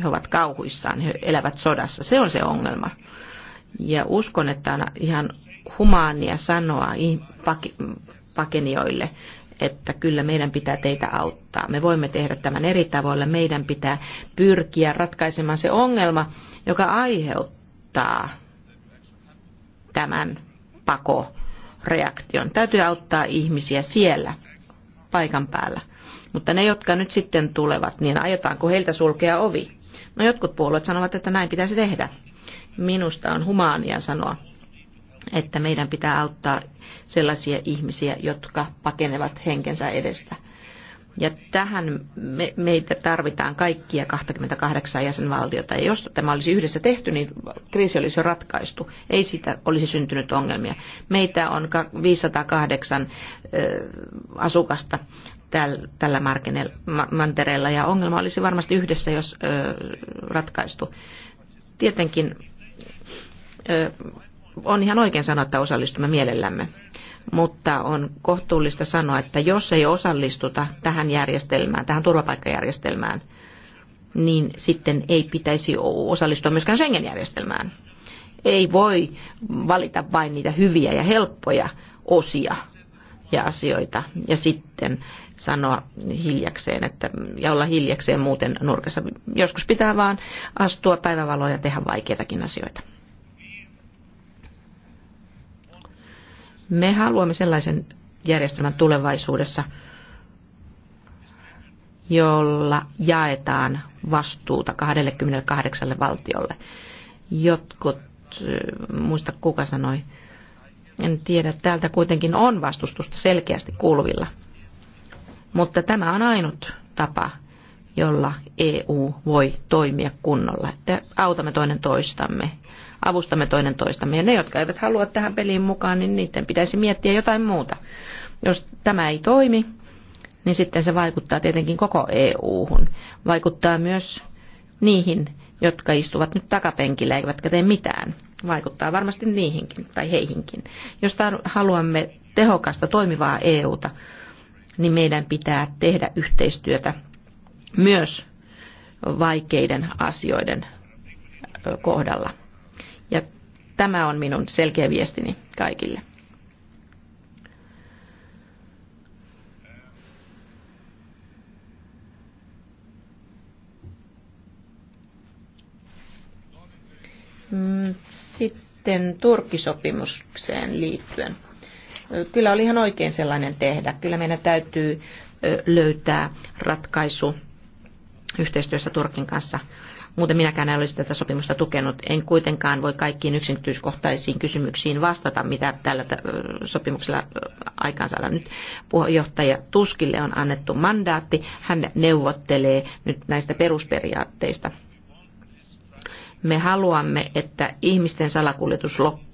he ovat kauhuissaan, he elävät sodassa. Se on se ongelma. Ja uskon, että on ihan humaania sanoa pakenijoille, että kyllä meidän pitää teitä auttaa. Me voimme tehdä tämän eri tavoilla. Meidän pitää pyrkiä ratkaisemaan se ongelma, joka aiheuttaa tämän pakon reaktion. Täytyy auttaa ihmisiä siellä paikan päällä. Mutta ne, jotka nyt sitten tulevat, niin ajetaanko heiltä sulkea ovi? No jotkut puolueet sanovat, että näin pitäisi tehdä. Minusta on humaania sanoa, että meidän pitää auttaa sellaisia ihmisiä, jotka pakenevat henkensä edestä. Ja tähän me, meitä tarvitaan kaikkia 28 jäsenvaltiota. Ja jos tämä olisi yhdessä tehty, niin kriisi olisi jo ratkaistu. Ei siitä olisi syntynyt ongelmia. Meitä on 508 asukasta tällä mantereella ja ongelma olisi varmasti yhdessä, jos ratkaistu. Tietenkin on ihan oikein sanoa, että osallistumme mielellämme mutta on kohtuullista sanoa, että jos ei osallistuta tähän järjestelmään, tähän turvapaikkajärjestelmään, niin sitten ei pitäisi osallistua myöskään Schengen-järjestelmään. Ei voi valita vain niitä hyviä ja helppoja osia ja asioita ja sitten sanoa hiljakseen että, ja olla hiljakseen muuten nurkassa. Joskus pitää vaan astua päivävaloon ja tehdä vaikeitakin asioita. Me haluamme sellaisen järjestelmän tulevaisuudessa, jolla jaetaan vastuuta 28 valtiolle. Jotkut, äh, muista kuka sanoi, en tiedä, täältä kuitenkin on vastustusta selkeästi kuuluvilla. Mutta tämä on ainut tapa, jolla EU voi toimia kunnolla, että autamme toinen toistamme avustamme toinen toistamme. Ja ne, jotka eivät halua tähän peliin mukaan, niin niiden pitäisi miettiä jotain muuta. Jos tämä ei toimi, niin sitten se vaikuttaa tietenkin koko EU-hun. Vaikuttaa myös niihin, jotka istuvat nyt takapenkillä eivätkä tee mitään. Vaikuttaa varmasti niihinkin tai heihinkin. Jos haluamme tehokasta, toimivaa EUta, niin meidän pitää tehdä yhteistyötä myös vaikeiden asioiden kohdalla. Tämä on minun selkeä viestini kaikille. Mm, sitten Turkkisopimukseen liittyen. Kyllä oli ihan oikein sellainen tehdä. Kyllä meidän täytyy löytää ratkaisu yhteistyössä Turkin kanssa Muuten minäkään en olisi tätä sopimusta tukenut. En kuitenkaan voi kaikkiin yksityiskohtaisiin kysymyksiin vastata, mitä tällä sopimuksella aikaansaadaan. Nyt puheenjohtaja Tuskille on annettu mandaatti. Hän neuvottelee nyt näistä perusperiaatteista. Me haluamme, että ihmisten salakuljetus loppuu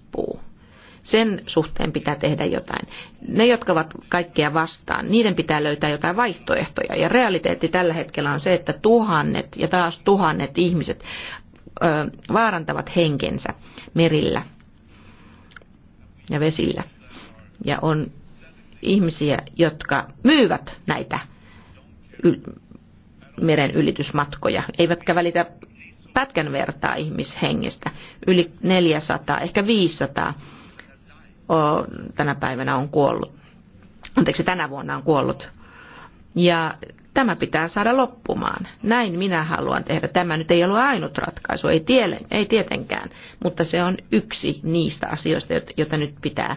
sen suhteen pitää tehdä jotain. Ne, jotka ovat kaikkea vastaan, niiden pitää löytää jotain vaihtoehtoja. Ja realiteetti tällä hetkellä on se, että tuhannet ja taas tuhannet ihmiset ö, vaarantavat henkensä merillä ja vesillä. Ja on ihmisiä, jotka myyvät näitä meren ylitysmatkoja, eivätkä välitä pätkän vertaa ihmishengistä, yli 400, ehkä 500 tänä päivänä on kuollut. Anteeksi, tänä vuonna on kuollut. Ja tämä pitää saada loppumaan. Näin minä haluan tehdä. Tämä nyt ei ole ainut ratkaisu, ei, tiele, ei tietenkään, mutta se on yksi niistä asioista, joita nyt pitää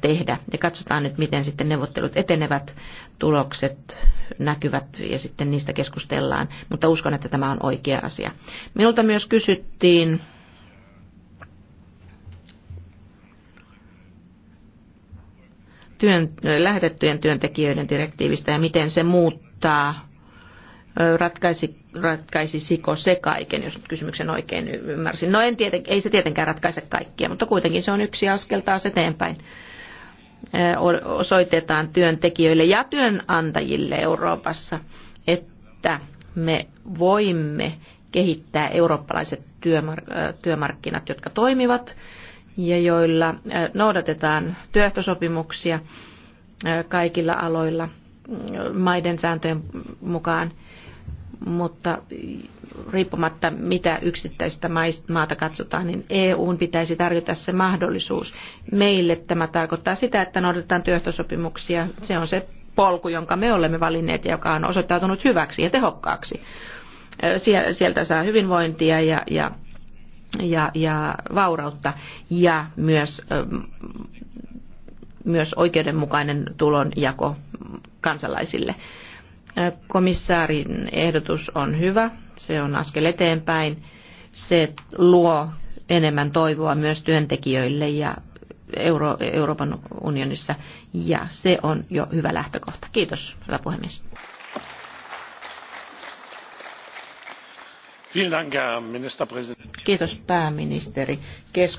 tehdä. Ja katsotaan nyt, miten sitten neuvottelut etenevät, tulokset näkyvät ja sitten niistä keskustellaan. Mutta uskon, että tämä on oikea asia. Minulta myös kysyttiin työn, lähetettyjen työntekijöiden direktiivistä ja miten se muuttaa, ratkaisi, ratkaisisiko se kaiken, jos kysymyksen oikein ymmärsin. No en tieten, ei se tietenkään ratkaise kaikkia, mutta kuitenkin se on yksi askel taas eteenpäin osoitetaan työntekijöille ja työnantajille Euroopassa, että me voimme kehittää eurooppalaiset työmarkkinat, jotka toimivat ja joilla noudatetaan työehtosopimuksia kaikilla aloilla mm, maiden sääntöjen mukaan, mutta riippumatta mitä yksittäistä maata katsotaan, niin EUn pitäisi tarjota se mahdollisuus. Meille tämä tarkoittaa sitä, että noudatetaan työehtosopimuksia. Se on se polku, jonka me olemme valinneet ja joka on osoittautunut hyväksi ja tehokkaaksi. Sieltä saa hyvinvointia ja, ja ja, ja vaurautta ja myös, ähm, myös oikeudenmukainen tulonjako kansalaisille. Äh, komissaarin ehdotus on hyvä, se on askel eteenpäin, se luo enemmän toivoa myös työntekijöille ja Euro- Euroopan unionissa ja se on jo hyvä lähtökohta. Kiitos, hyvä puhemies. Kiitos pääministeri. keskustelusta.